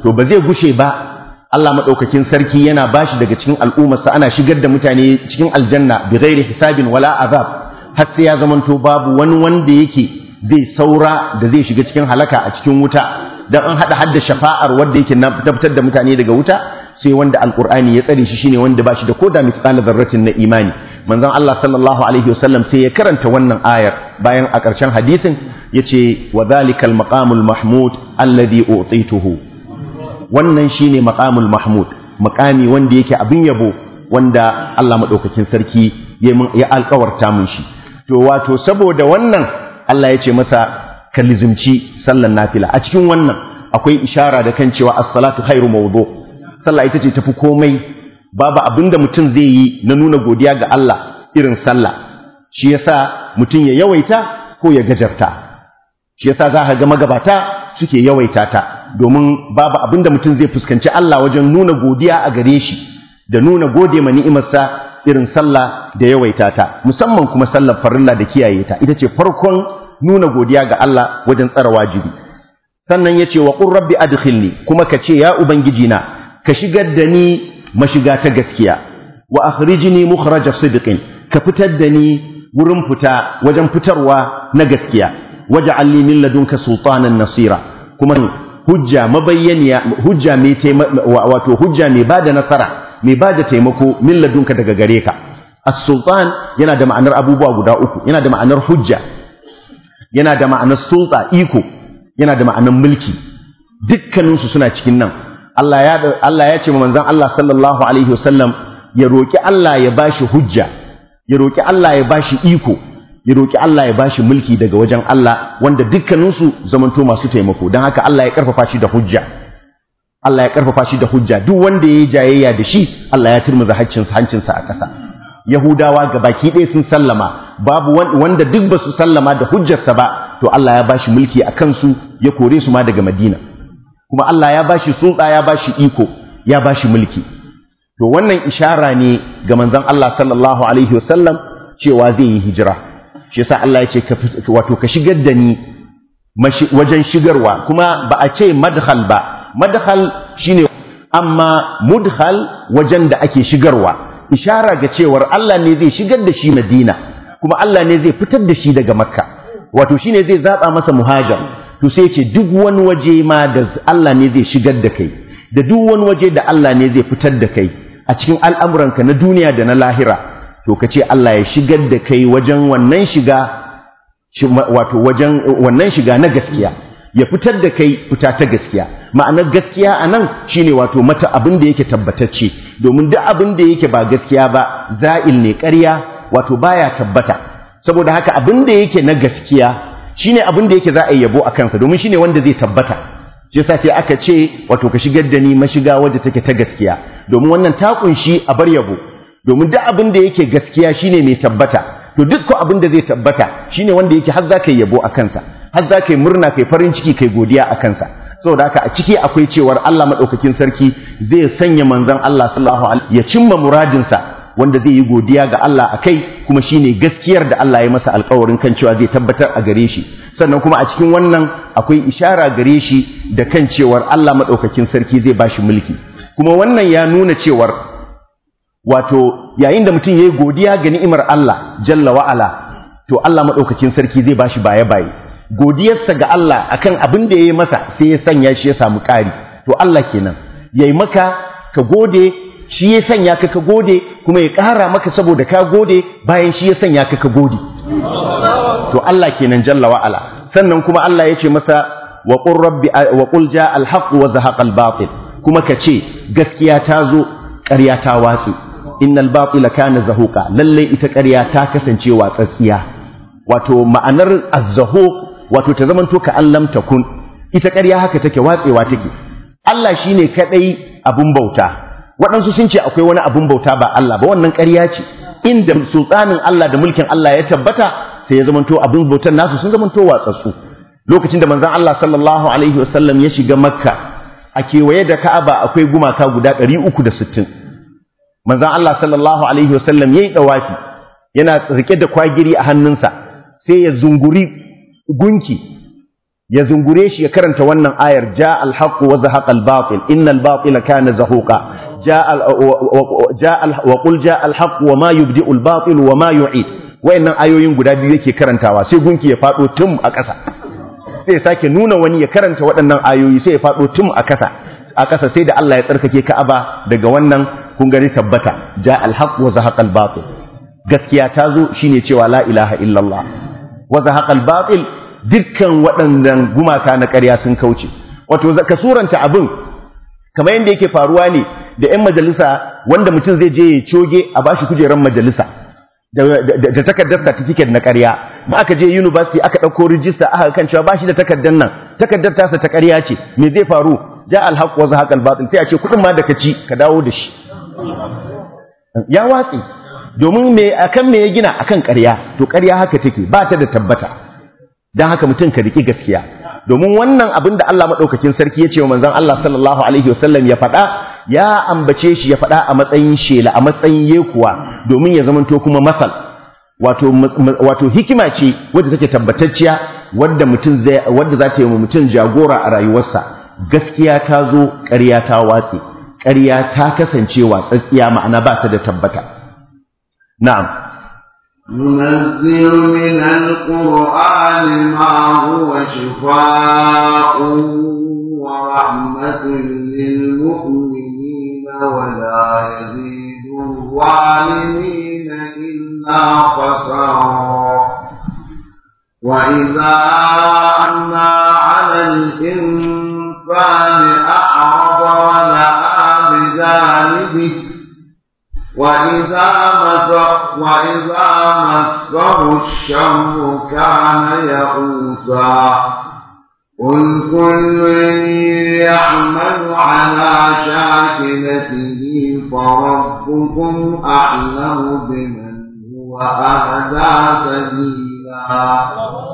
to ba zai gushe ba Allah madaukakin sarki yana bashi daga cikin sa ana shigar da mutane cikin aljanna bi ghairi hisabin wala azab har sai ya zamanto babu wani wanda yake zai saura da zai shiga cikin halaka a cikin wuta dan an hada hadda shafa'ar wanda yake tabbatar da mutane daga wuta sai wanda alqur'ani ya tsare shi shine wanda shi da koda mithqala dharratin na imani manzon Allah sallallahu alaihi wasallam sai ya karanta wannan ayar bayan a ƙarshen hadisin ya ce wa zalikal maqamul mahmud alladhi tuhu. wannan shine maƙamul mahmud maƙami wanda yake abin yabo wanda Allah maɗaukakin sarki ya alƙawarta mun shi to wato saboda wannan Allah ya ce masa kalizumci sallan nafila a cikin wannan akwai ishara da kan cewa as-salatu khairu mawdu sallah ita ce tafi komai babu abinda mutum zai yi na nuna godiya ga Allah irin sallah shi yasa mutum ya yawaita ko ya gajarta shi yasa za ka ga magabata suke yawaita ta domin babu abin da mutum zai fuskanci Allah wajen nuna godiya a gare shi da nuna gode ma ni'imarsa irin sallah da yawaita ta musamman kuma sallar farilla da kiyaye ta ita ce farkon nuna godiya ga Allah wajen tsara wajibi sannan yace wa qur rabbi adkhilni kuma ka ce ya ubangiji na ka shigar da ni mashiga ta gaskiya wa akhrijni mukhraja sidqin ka fitar da ni wurin fita wajen fitarwa na gaskiya waj'al li min ladunka sultanan nasira kuma hujja mabayyaniya hujja mai wato hujja mai bada nasara mai bada taimako min ladunka daga gare ka as-sultan yana da ma'anar abubuwa guda uku yana da ma'anar hujja yana da ma'anar sulta iko yana da ma'anar mulki dukkaninsu suna cikin nan Allah ya ce manzon Allah sallallahu alaihi wasallam ya roki Allah ya bashi hujja ya roƙi Allah ya bashi iko ya roƙi Allah ya ba shi mulki daga wajen Allah wanda dukkaninsu zamanto masu taimako don haka Allah ya ƙarfafa shi da hujja Allah ya ƙarfafa shi da hujja duk wanda ya yi jayayya da shi Allah ya turmuza haccinsa hancinsa a ƙasa Yahudawa ga baki ɗaya sun sallama babu wanda duk ba su sallama da hujjarsa ba to Allah ya bashi mulki a kansu ya kore su ma daga Madina kuma Allah ya bashi tsuntsa ya ba shi iko ya bashi mulki to wannan ishara ne ga manzon Allah sallallahu alaihi wasallam cewa zai yi hijira shi yasa Allah ya ce wato ka shigar da ni wajen shigarwa kuma ba a ce madhal ba madhal shine amma mudhal wajen da ake shigarwa ishara ga cewar Allah ne zai shigar da shi Madina kuma Allah ne zai fitar da shi daga Makka wato shine zai zaba masa muhajir to sai ce duk wani waje ma da Allah ne zai shigar da kai da duk wani waje da Allah ne zai fitar da kai a cikin al'amuranka na duniya da na lahira to ka ce Allah ya shigar da kai wajen wannan shiga wajen wannan shiga na gaskiya ya fitar da kai fita ta gaskiya ma'anar gaskiya a nan ne wato mata abin da yake tabbatacce domin duk abin da yake ba gaskiya ba za'il ne karya wato baya tabbata saboda haka abin da yake na gaskiya shi ne abin da yake za a yabo a kansa domin shi ne wanda zai tabbata shi yasa sai aka ce wato ka shigar da ni mashiga wadda take ta gaskiya domin wannan ta kunshi a bar yabo domin duk abin da yake gaskiya shine mai tabbata to duk abin da zai tabbata shine wanda yake har za yabo a kansa har za yi murna kai farin ciki kai godiya a kansa saboda haka a ciki akwai cewar Allah madaukakin sarki zai sanya manzon Allah sallallahu alaihi ya cimma muradinsa wanda zai yi godiya ga Allah a kai kuma shine gaskiyar da Allah ya masa alƙawarin kan cewa zai tabbatar a gare shi sannan kuma a cikin wannan akwai ishara gare shi da kan cewar Allah madaukakin sarki zai bashi mulki kuma wannan ya nuna cewar wato yayin da mutum ya yi godiya ga ni'imar Allah jalla wa'ala, to Allah maɗaukacin sarki zai bashi baya baye godiyarsa ga Allah akan abin da ya yi masa sai ya sanya shi ya samu ƙari to Allah kenan yayi maka ka gode shi ya sanya ka ka gode kuma ya ƙara maka saboda ka gode bayan shi ya sanya ka ka gode to Allah kenan jalla wa'ala. sannan kuma Allah ya ce masa wa qur rabbi wa qul al haqq wa zahaqa batil kuma ka ce gaskiya ta zo ƙarya ta watsi innal batila kana zahuqa lalle ita ƙarya ta kasance watsatsiya wato ma'anar azzahu wato ta zamanto ka allam kun ita ƙarya haka take watsewa take Allah shine kadai abun bauta waɗansu sun ce akwai wani abun bauta ba Allah ba wannan ƙarya ce inda sultanin Allah da mulkin Allah ya tabbata sai ya zamanto abun bautan nasu sun zamanto watsatsu lokacin da manzon Allah sallallahu alaihi wasallam ya shiga Makka a kewaye da ka'aba akwai gumaka guda 360 manzon Allah sallallahu alaihi wasallam yayi dawafi yana rike da kwagiri a hannunsa sai ya zunguri gunki ya zungure shi ya karanta wannan ayar ja al-haqq wa zahaqa al-batil innal batila kana zahuqa wa qul ja al wa ma yubdi'u al-batil wa ma yu'id wayannan ayoyin guda biyu yake karantawa sai gunki ya fado tum a ƙasa sai sake nuna wani ya karanta waɗannan ayoyi sai ya faɗo tum a kasa a kasa sai da Allah ya tsarkake Ka'aba daga wannan kun gani tabbata ja al wa zahaqa batil gaskiya ta zo shine cewa la ilaha illallah wa zahaqa al-batil dukkan waɗannan gumaka na ƙarya sun kauce wato ka suranta abin kamar yadda yake faruwa ne da 'yan majalisa wanda mutum zai je ya coge a bashi kujerar majalisa da takardar certificate na ƙarya ba aka je university aka ɗauko rijista aka kan cewa ba shi da takardar nan takardar tasa ta ƙarya ce me zai faru ja alhaq wa zahaqal batil sai a ce kuɗin ma da kaci ka dawo da shi ya watsi domin me akan me ya gina akan ƙarya to ƙarya haka take ba ta da tabbata dan haka mutum ka riki gaskiya domin wannan abin da Allah madaukakin sarki ya ce wa manzon Allah sallallahu alaihi wasallam ya faɗa ya ambace shi ya faɗa a matsayin shela a matsayin yekuwa domin ya zamanto kuma masal wato hikima ce wadda take tabbatacciya wadda mutum zai wadda za ta yi mutum jagora a rayuwarsa gaskiya ta zo ƙarya ta watse ƙarya ta kasance watsatsiya ma'ana ba ta da tabbata na'am ينزل من القرآن ما هو شفاء ورحمة للمؤمنين ولا يزيد الظالمين إلا إلا وإذا أنا على الإنسان أعرض ونأى بجانبه وإذا وإذا مسه الشر كان يئوسا قل كل يعمل على شاكلته فربكم أعلم بما وأهدى سبيلا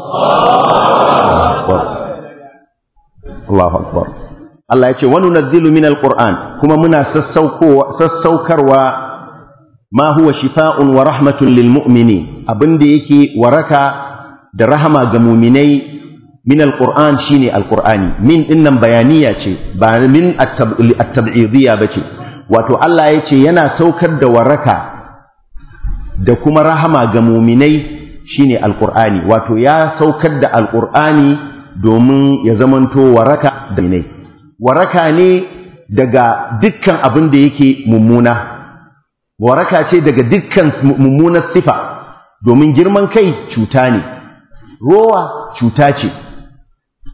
الله أكبر الله أكبر Allah ya ce wani nazilu min alquran kuma muna sassaukarwa ma huwa shifa'un wa rahmatun lil mu'mini abinda yake waraka da rahama ga mu'minai min alquran shine alqurani min dinnan bayaniya ce ba min at-tab'idiyya bace wato Allah ya ce yana saukar da waraka da kuma rahama ga muminai shine alqur'ani wato ya saukar da alqur'ani domin ya zamanto waraka da ne waraka ne daga dukkan abin da yake mummuna waraka ce daga dukkan mummunar sifa domin girman kai cuta ne rowa cuta ce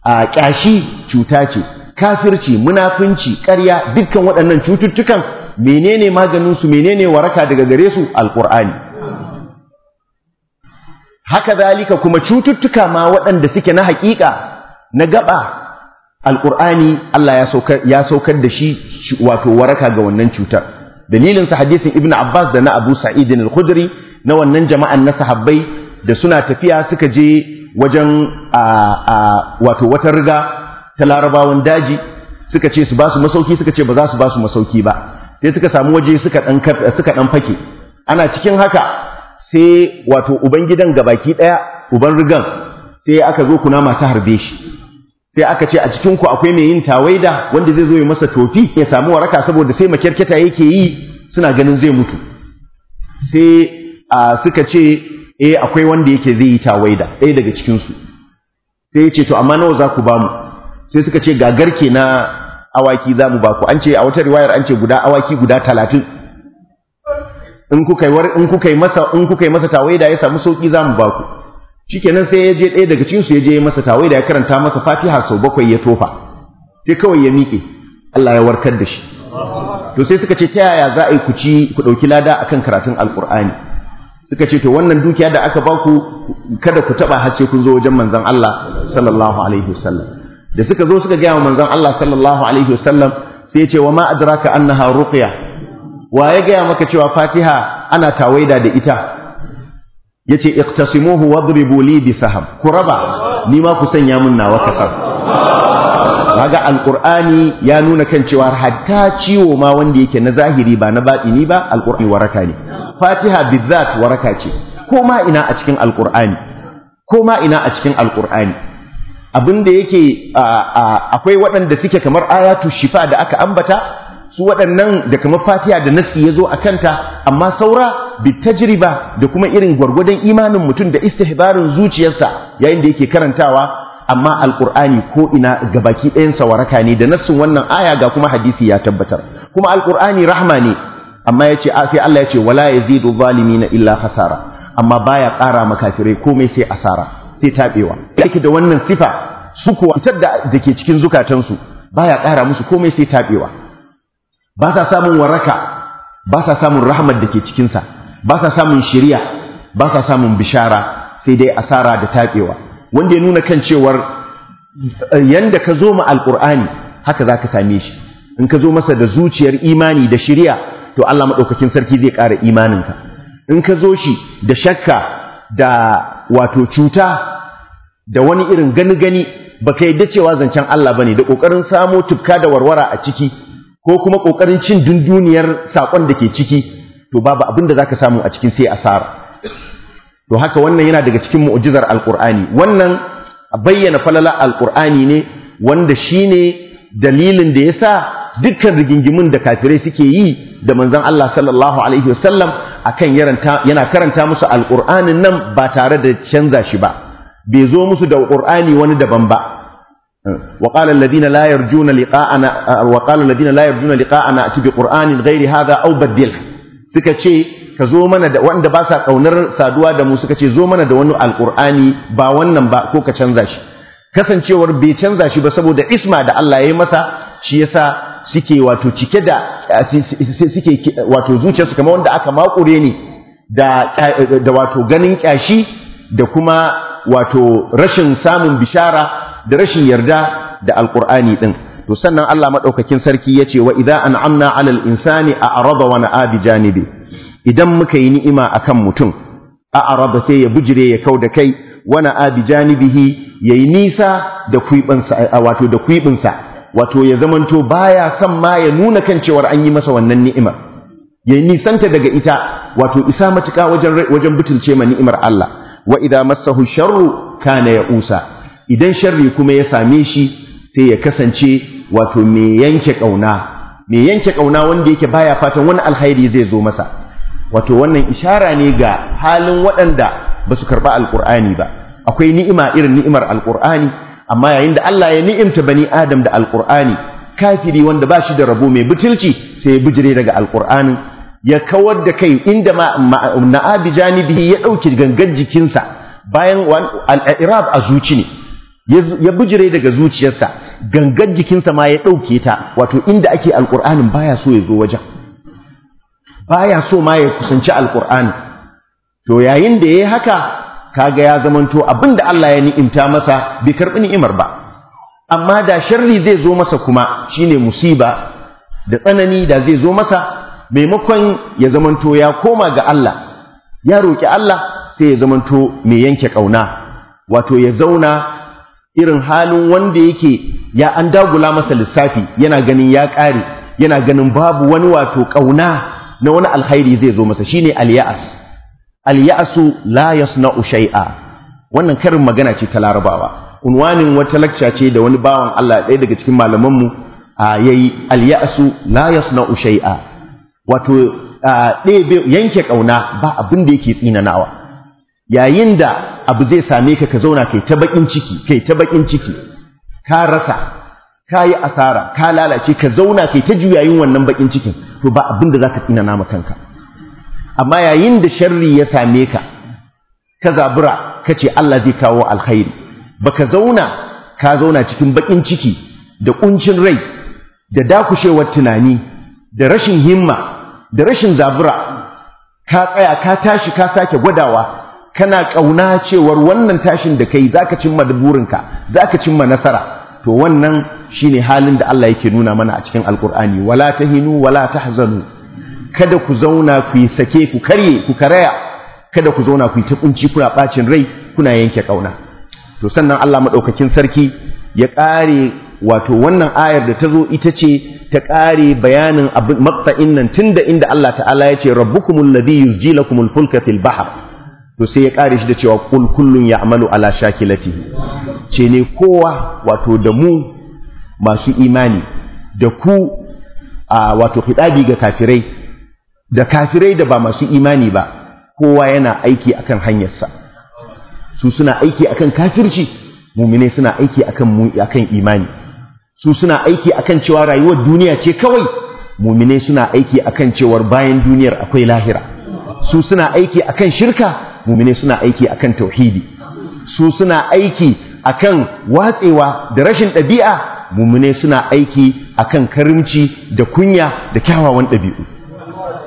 a ƙyashi cuta ce kafirci munafunci ƙarya dukkan waɗannan cututtukan menene maganinsu menene waraka daga gare su alƙur'ani haka zalika kuma cututtuka ma waɗanda suke na haƙiƙa na gaba alƙur'ani Allah ya saukar da shi wato waraka ga wannan cutar dalilin sa hadisin Ibn Abbas da na Abu Sa'id al-Khudri na wannan jama'an na sahabbai da suna tafiya suka je wajen wato wata riga ta larabawan daji suka ce su ba su masauki suka ce ba za su ba su masauki ba sai suka samu waje suka ɗan fake ana cikin haka sai wato ubangidan baki ɗaya uban rigan sai aka zo kuna masu harbe shi sai aka ce a cikin ku akwai mai yin tawaida wanda zai zo ya masa tofi ya samu waraka saboda sai makyarketa yake yi suna ganin zai mutu sai suka ce eh akwai wanda yake zai yi tawaida ɗaya daga cikin su sai ya ce to amma nawa za ku ba mu sai suka ce ga garke na awaki za mu ba ku an ce a wata riwayar an ce guda awaki guda talatin in kuka yi in kuka yi masa in kuka yi masa tawaida ya samu sauki zamu ba ku shikenan sai ya je daya daga cikin su ya je ya masa da ya karanta masa Fatiha sau bakwai ya tofa sai kawai ya miƙe Allah ya warkar da shi to sai suka ce ta yaya za a yi ku ci ku ɗauki lada akan karatun alkur'ani suka ce to wannan dukiya da aka ba ku, kada ku taba har sai kun zo wajen manzon Allah sallallahu alaihi wasallam da suka zo suka gaya wa manzon Allah sallallahu alaihi wasallam sai ya ce wa ma adraka annaha ruqya wa ya gaya maka cewa fatiha ana tawaida da ita ya ce iqtasimuhu wadribu li bi saham ku raba ni ma ku sanya min nawa kasam kaga alqur'ani ya nuna kan cewa hatta ciwo ma wanda yake na zahiri ba na batini ba alqur'ani waraka ne fatiha bizat waraka ce ko ma ina a cikin alqur'ani ko ma ina a cikin alqur'ani abinda yake akwai waɗanda suke kamar ayatu shifa da aka ambata su waɗannan da kamar fatiya da nassi ya zo a kanta amma saura bi tajriba da kuma irin gwargwadon imanin mutum da istihbarin zuciyarsa yayin da yake karantawa amma alkur'ani ko ina gabaki ɗayansa waraka ne da nassin wannan aya ga kuma hadisi ya tabbatar kuma alkur'ani rahma ne amma ya ce sai Allah ya ce wala yazidu na illa hasara amma baya ƙara makafirai komai sai asara sai taɓewa yake da wannan sifa su ko fitar da ke cikin zukatansu baya ƙara musu komai sai taɓewa ba sa samun waraka ba sa samun rahmat da ke cikinsa ba sa samun shiriya ba sa samun bishara sai dai asara da taɓewa wanda ya nuna kan cewar eh, yanda ka zo ma alƙur'ani haka za ka same shi in ka zo masa da zuciyar imani da shiriya to Allah maɗaukakin sarki zai ƙara imaninka in ka zo shi da shakka da wato cuta da wani irin gani-gani ba ka yadda cewa zancen Allah ba ne da ƙoƙarin samo tufka da warwara a ciki ko kuma ƙoƙarin cin dunduniyar saƙon da ke ciki to babu abin da za ka samu a cikin sai asara to haka wannan yana daga cikin mu'jizar alƙur'ani wannan bayyana falala alƙur'ani ne wanda shi ne dalilin da ya sa dukkan rigingimin da kafirai suke yi da manzon Allah sallallahu alaihi wasallam akan yana karanta musu alƙur'anin nan ba tare da canza shi ba bai zo musu da ƙur'ani wani daban ba وقال الذين لا يرجون لقاءنا وقال الذين لا يرجون لقاءنا اتي بقران غير هذا او بدل suka ce ka zo mana da wanda ba sa kaunar saduwa da mu suka ce zo mana da wani alqur'ani ba wannan ba ko ka canza shi kasancewar bai canza shi ba saboda isma da Allah ya yi masa shi yasa suke wato cike da suke wato zuciyarsu kamar wanda aka makure ne da da wato ganin kyashi da kuma wato rashin samun bishara da rashin yarda da alkur'ani ɗin, to sannan Allah maɗaukakin sarki yace wa idza an'amna 'alal insani a'rada wa na'a bi janibi idan muka yi ni'ima akan mutum a'rada sai ya bujire ya kau da kai wa na'a bi janibihi yayi nisa da kuibin sa wato da kuibin sa wato ya zamanto baya son ma ya nuna kan cewar an yi masa wannan ni'ima yayi nisanta daga ita wato isa matuka wajen wajen butulce ma ni'imar Allah wa idza massahu sharru kana ƙusa. idan sharri kuma ya same shi sai ya kasance wato mai yanke ƙauna mai yanke ƙauna wanda yake baya fatan wani alhairi zai zo masa wato wannan ishara ne ga halin waɗanda ba su karɓa alƙur'ani ba akwai ni'ima irin ni'imar alƙur'ani amma yayin da Allah ya ni'imta bani adam da alƙur'ani kafiri wanda ba shi da rabo mai butulci sai ya bijire daga alƙur'anin ya kawar da kai inda na'abi bihi ya ɗauki gangan jikinsa bayan al'irab a zuci ne ya bijire daga zuciyarsa gangan jikinsa ma ya ɗauke ta wato inda ake alƙur'anin baya so ya zo wajen baya so ma ya kusanci alƙur'ani to yayin da ya yi haka kaga ya zamanto abin da Allah ya ni'imta masa bai karɓi ni'imar ba amma da sharri zai zo masa kuma shine musiba da tsanani da zai zo masa maimakon ya zamanto ya koma ga Allah ya roƙi Allah sai ya zamanto mai yanke ƙauna wato ya zauna irin halin wanda yake ya an dagula masa lissafi yana ganin ya ƙare yana ganin babu wani wato ƙauna na wani alhairi zai zo masa shine alya'as alya'asu la yasna'u shay'a wannan karin magana ce ta larabawa unwanin wata lakca ce da wani bawan Allah ɗaya daga cikin malamanmu a yayi alya'asu la yasna'u shay'a wato ɗebe yanke ƙauna ba abin da yake tsinanawa yayin da abu zai same ka ka zauna kai ta bakin ciki kai ta ciki ka rasa ka yi asara ka lalace ka zauna kai ta juyayin wannan bakin cikin to ba abin da za ka tsina nama kanka amma yayin da sharri ya same ka ka zabura ka ce Allah zai kawo alkhairi ka zauna ka zauna cikin bakin ciki da ƙuncin rai da dakushewar tunani da rashin himma da rashin zabura ka tsaya ka tashi ka sake gwadawa kana ƙauna cewar wannan tashin da kai zaka cimma burinka zaka cimma nasara to wannan shine halin da Allah yake nuna mana a cikin alkur'ani wala tahinu wala tahzanu kada ku zauna ku yi sake ku karye ku karaya kada ku zauna ku yi ta kunci kuna bacin rai kuna yanke kauna to sannan Allah madaukakin sarki ya kare wato wannan ayar da ta zo ita ce ta kare bayanin abin matsa'in nan tunda inda Allah ta'ala ya ce rabbukumul ladhi yusjilakumul fulka fil bahr to sai ya kare shi da cewa kul ya ya'malu ala shakilatihi ce ne kowa wato da mu masu imani da ku a wato hidabi ga kafirai da kafirai da ba masu imani ba kowa yana aiki akan hanyarsa su suna aiki akan kafirci mumine suna aiki akan mu akan imani su suna aiki akan cewa rayuwar duniya ce kawai mumine suna aiki akan cewar bayan duniyar akwai lahira su suna aiki akan shirka mumine suna aiki a kan tauhidi su suna aiki a kan watsewa da rashin ɗabi'a mumine suna aiki a kan karimci da kunya da kyawawan ɗabi'u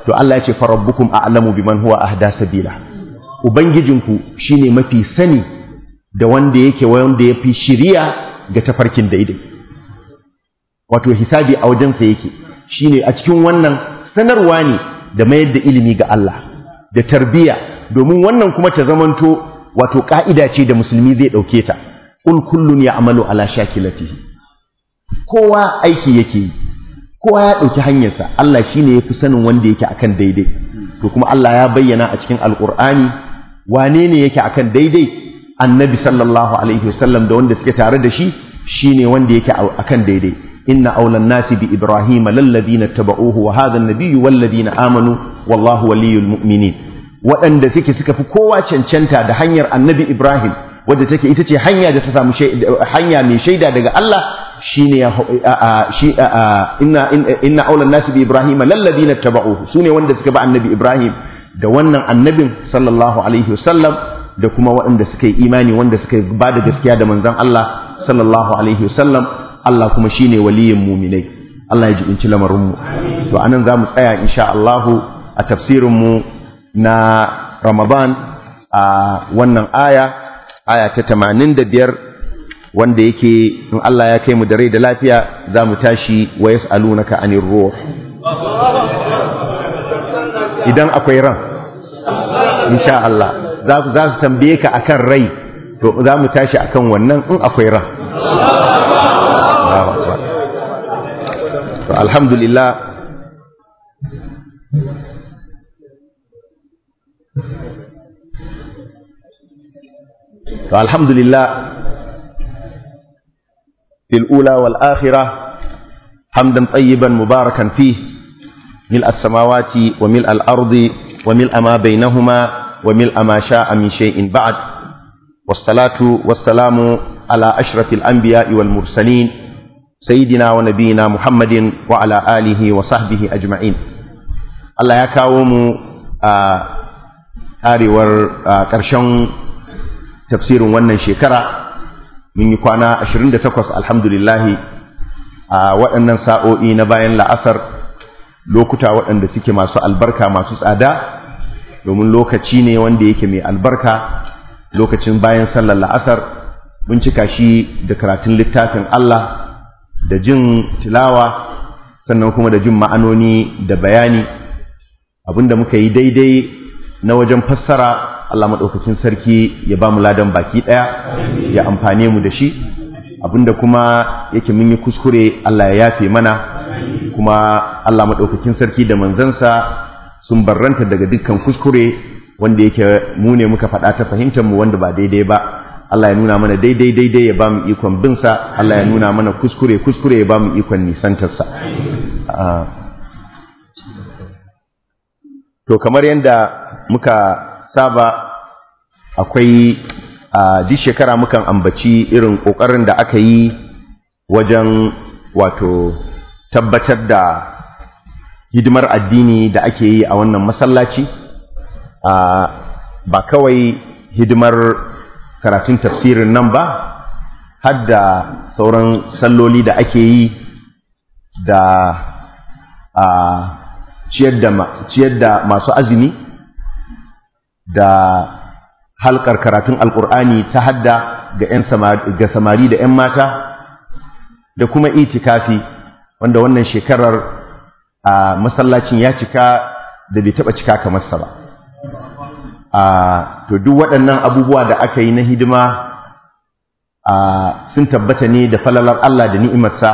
to Allah ya ce farabbukum a'lamu biman huwa ahda sabila ubangijinku shine mafi sani da wanda yake wanda ya fi shiriya ga tafarkin daidai wato hisabi a wajensa yake shine a cikin wannan sanarwa ne da mayar da ilimi ga Allah da tarbiyya domin wannan kuma ta zamanto wato ka'ida ce da musulmi zai ɗauke ta ƙul kullun ya amalu ala shakilatihi kowa aiki yake yi kowa ya ɗauki hanyarsa Allah shi ne ya fi sanin wanda yake akan daidai to kuma Allah ya bayyana a cikin alƙur'ani wane ne yake akan daidai annabi sallallahu alaihi wasallam da wanda suke tare da shi shine wanda yake akan daidai inna aulan nasi bi ibrahim lalladina taba'uhu wa hadha an-nabiyyu walladina amanu wallahu waliyyul mu'minin waɗanda suke suka fi kowa cancanta da hanyar annabi Ibrahim wadda take ita ce hanya da ta samu hanya mai shaida daga Allah shine inna inna aulan nasu bi Ibrahim lalladina taba'uhu sune wanda suka bi annabi Ibrahim da wannan annabin sallallahu alaihi wasallam da kuma waɗanda suka yi imani wanda suka ba da gaskiya da manzon Allah sallallahu alaihi wasallam Allah kuma shine waliyin muminai Allah ya ji jibinci lamarinmu to anan za mu tsaya insha Allah a tafsirinmu na Ramadan a wannan aya aya ta tamanin da biyar wanda yake in Allah ya kai mu da rai da lafiya za mu tashi wa yas'alunaka anir ruh idan akwai ran insha Allah za su tambaye ka akan rai to za mu tashi akan wannan in akwai ran alhamdulillah فالحمد لله في الأولى والآخرة حمدا طيبا مباركا فيه ملء السماوات وملء الأرض وملء ما بينهما وملء ما شاء من شيء بعد والصلاة والسلام على أشرف الأنبياء والمرسلين سيدنا ونبينا محمد وعلى آله وصحبه أجمعين الله يكاوم آه، arewar ƙarshen tafsirin wannan shekara mun yi kwana 28 alhamdulillahi a waɗannan sa'o'i na bayan la'asar lokuta waɗanda suke masu albarka masu tsada domin lokaci ne wanda yake mai albarka lokacin bayan sallar la'asar mun cika shi da karatun littafin Allah da jin tilawa sannan kuma da jin ma'anoni da bayani abinda muka yi daidai na wajen fassara Allah maɗaukakin sarki ya ba mu ladan baki ɗaya ya amfane mu da shi abinda kuma yake mun yi kuskure Allah ya yafe mana kuma Allah maɗaukakin sarki da manzansa sun barranta daga dukkan kuskure wanda yake mu ne muka faɗa ta fahimtar mu wanda ba daidai ba Allah ya nuna mana daidai daidai ya ba mu ikon binsa Allah ya nuna mana kuskure kuskure ya ba mu ikon nisantarsa ah. to kamar yadda muka saba akwai a duk shekara mukan ambaci irin ƙoƙarin da aka yi wajen wato tabbatar da hidimar addini da ake yi a wannan masallaci ba kawai hidimar karatun tafsirin nan ba har da sauran salloli da ake yi da ciyar da masu azumi da halkar karatun alkur'ani ta hadda ga samari da 'yan mata da kuma itikafi wanda wannan shekarar a masallacin ya cika da bai taɓa cika kamar sa ba to duk waɗannan abubuwa da aka yi na hidima sun tabbata ne da falalar Allah da ni'imarsa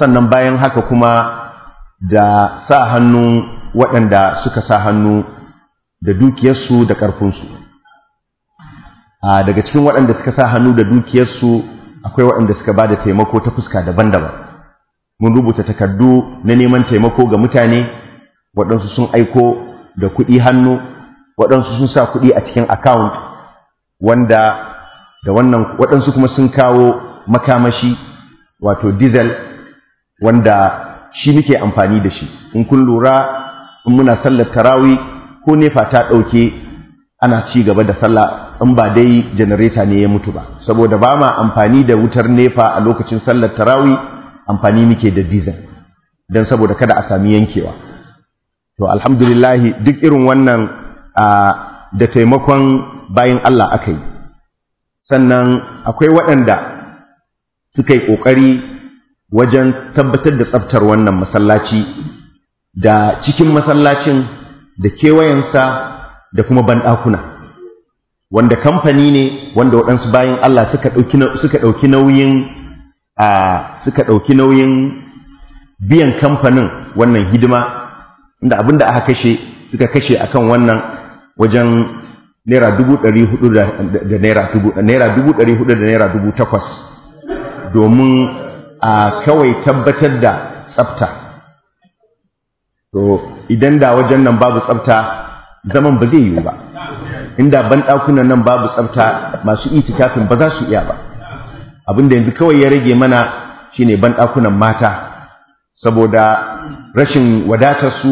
sannan bayan haka kuma da sa hannu waɗanda suka sa hannu da dukiyarsu da ƙarfinsu A daga cikin waɗanda suka sa hannu da dukiyarsu akwai waɗanda suka ba da taimako ta fuska daban-daban mun rubuta takardu na neman taimako ga mutane waɗansu sun aiko da kuɗi hannu waɗansu sun sa kuɗi a cikin account wanda da wannan waɗansu kuma sun kawo makamashi wato diesel wanda shi muke amfani da shi in kun lura in muna sallar tarawi ko nefa ta ɗauke ana ci gaba da sallah in ba dai janareta ne ya mutu ba saboda ba ma amfani da wutar nefa a lokacin sallar tarawi amfani muke da dizan don saboda kada a sami yankewa to alhamdulillahi duk irin wannan da taimakon bayan Allah aka yi sannan akwai waɗanda suka yi ƙoƙari wajen tabbatar da tsaftar wannan masallaci da cikin masallacin da kewayensa da kuma banɗakuna wanda kamfani ne wanda waɗansu bayan Allah suka ɗauki nauyin suka ɗauki nauyin biyan kamfanin wannan hidima inda abin da aka kashe suka kashe akan wannan wajen naira dubu ɗari hudu da naira dubu ɗari hudu da naira dubu takwas domin a kawai tabbatar da tsafta to idan da wajen nan babu tsafta zaman ba zai yiwu ba inda ban dakunan nan babu tsafta masu itikafin ba za su iya ba abin da yanzu kawai ya rage mana shine ban dakunan mata saboda rashin wadatar su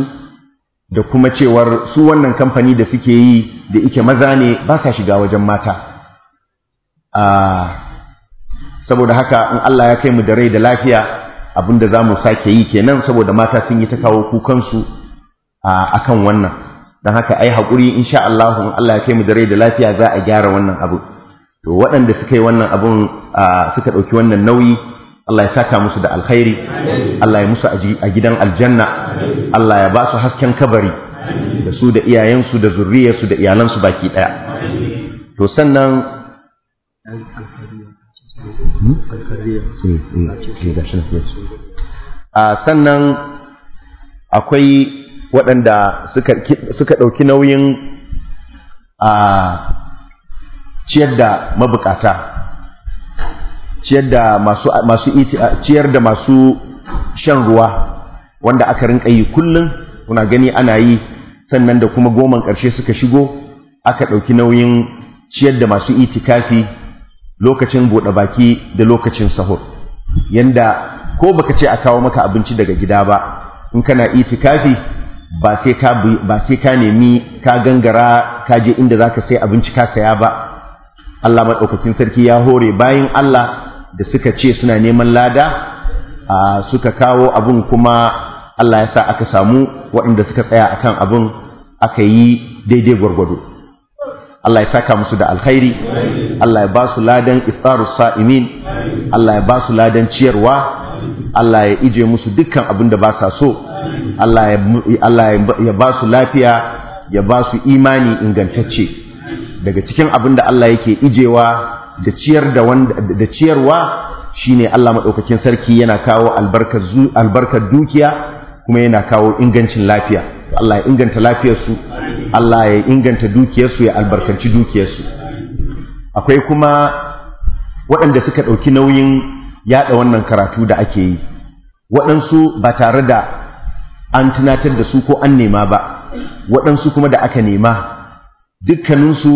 da kuma cewar su wannan kamfani da suke yi da ike maza ne ba sa shiga wajen mata ah, saboda haka in Allah ya kai mu da rai da lafiya Abin da za mu sake yi kenan saboda mata sun yi ta kawo kukansu a kan wannan don haka ai haƙuri sha Allah in Allah ya kai mu da rai da lafiya za a gyara wannan abu to waɗanda suka yi wannan abun suka ɗauki wannan nauyi Allah ya saka musu da alkhairi Allah ya musu a gidan aljanna Allah ya ba su hasken kabari da su da iyayensu da zurriyarsu da iyalansu baki ɗaya to sannan a sannan akwai waɗanda suka ɗauki nauyin ciyar da mabukata ciyar da masu shan ruwa wanda aka rinka yi kullum kuna gani ana yi sannan da kuma goman ƙarshe suka shigo aka ɗauki nauyin ciyar da masu itikafi lokacin buɗe baki da lokacin sahur yanda ko baka ce a kawo maka abinci daga gida ba in kana itikafi ba sai ka ba sai ka nemi ka gangara ka je inda zaka sai abinci ka saya ba Allah madaukakin sarki ya hore bayan Allah da suka ce suna neman lada suka kawo abun kuma Allah ya sa aka samu waɗanda suka tsaya akan abun aka yi daidai gwargwado Allah ya saka musu da alkhairi Allah ya ba su ladan iftarus sa'imin Allah ya ba su ladan ciyarwa Allah ya ije musu dukkan abin da ba sa so Allah ya ba su lafiya ya ba su imani ingantacce daga cikin abin da Allah yake ijewa da ciyar da wanda da ciyarwa shine Allah madaukakin sarki yana kawo albarkar dukiya kuma yana kawo ingancin lafiya Allah ya inganta lafiyarsu Allah ya inganta dukiyarsu ya albarkanci dukiyarsu akwai kuma waɗanda suka ɗauki nauyin yaɗa wannan karatu da ake yi waɗansu ba tare da an tunatar da su ko an nema ba waɗansu kuma da aka nema dukkaninsu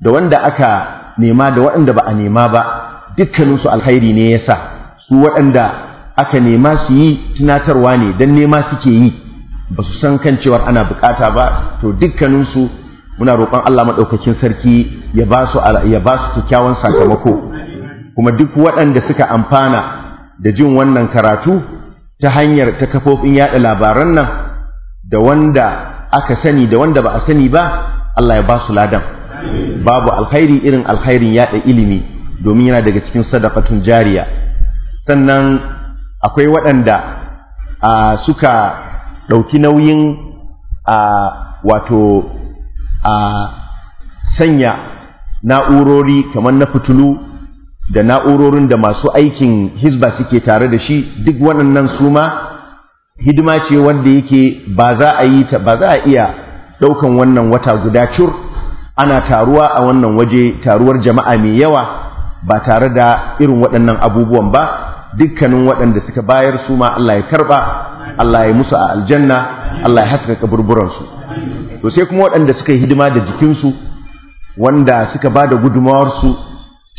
da wanda aka nema da waɗanda ba a nema ba dukkaninsu alhairi ne ya sa su waɗanda aka nema su yi tunatarwa ne don nema suke yi ba su san kan cewar ana bukata ba to dukkaninsu muna roƙon Allah maɗaukakin sarki ya ba su kyawun sakamako kuma duk waɗanda suka amfana da jin wannan karatu ta hanyar ta kafofin yaɗa labaran nan da wanda aka sani da wanda ba a sani ba Allah ya ba su ladan babu alkhairi irin alkhairin yaɗa ilimi domin yana daga cikin sadakatun jariya sannan akwai waɗanda suka ɗauki nauyin a wato a sanya na'urori kamar na fitulu da na'urorin da masu aikin hisba suke tare da shi duk waɗannan su ma hidima ce wanda yake ba za a yi ta ba za a iya ɗaukan wannan wata guda cur ana taruwa a wannan waje taruwar jama'a mai yawa ba tare da irin waɗannan abubuwan ba dukkanin waɗanda suka bayar su ma Allah ya karɓa, Allah ya musu a aljanna Allah ya haska kaburburansu to sai kuma waɗanda suka yi hidima da jikinsu wanda suka ba da su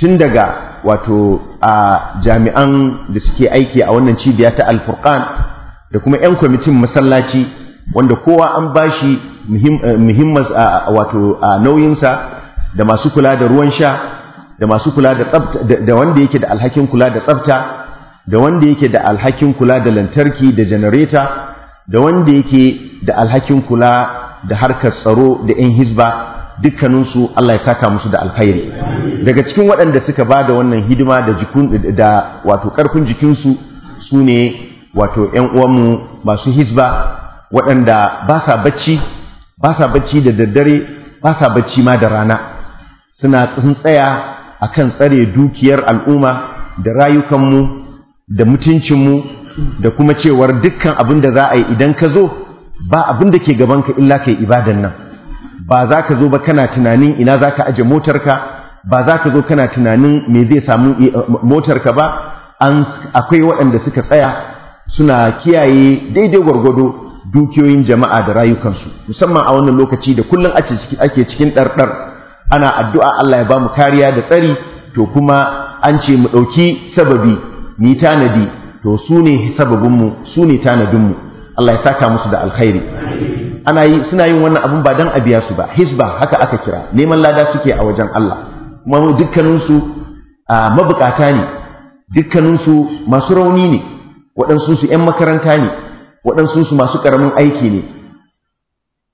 tun daga wato a jami'an da suke aiki a wannan cibiya ta alfurqan da kuma 'yan kwamitin masallaci wanda kowa an bashi muhimmas eh, wato a nauyinsa da masu kula da ruwan sha da masu kula da tsafta da wanda yake da alhakin kula da tsafta da wanda yake da alhakin kula da lantarki da janareta da wanda yake da alhakin kula da harkar tsaro da 'yan hizba dukkaninsu Allah ya saka musu da alkhairi daga cikin waɗanda suka ba da wannan hidima da wato ƙarfin jikinsu su ne wato 'yan uwanmu masu hizba waɗanda ba sa bacci ba sa bacci da daddare ba sa bacci ma da rana suna tsaya kan tsare dukiyar al'umma da rayukanmu da mutuncinmu da kuma cewar dukkan abin da za a yi idan ka zo ba abin da ke ka illa ka yi ibadan nan ba za ka zo ba kana tunanin ina za ka aje motarka ba za ka zo kana tunanin me zai samu eh, motarka ba akwai waɗanda suka tsaya suna kiyaye daidai gwargwado dukiyoyin jama'a da rayukansu musamman a wannan lokaci da kullum ake cikin ɗarɗar ana addu'a Allah ya ba mu kariya da tsari to kuma an ce mu ɗauki sababi ni tanadi to su ne sababinmu su ne tanadinmu Allah ya saka musu da alkhairi ana yi suna yin wannan abun ba dan a biya su ba hisba haka aka kira neman lada suke a wajen Allah kuma dukkaninsu mabukata ne dukkaninsu masu rauni ne waɗansu su 'yan makaranta ne waɗansu su masu ƙaramin aiki ne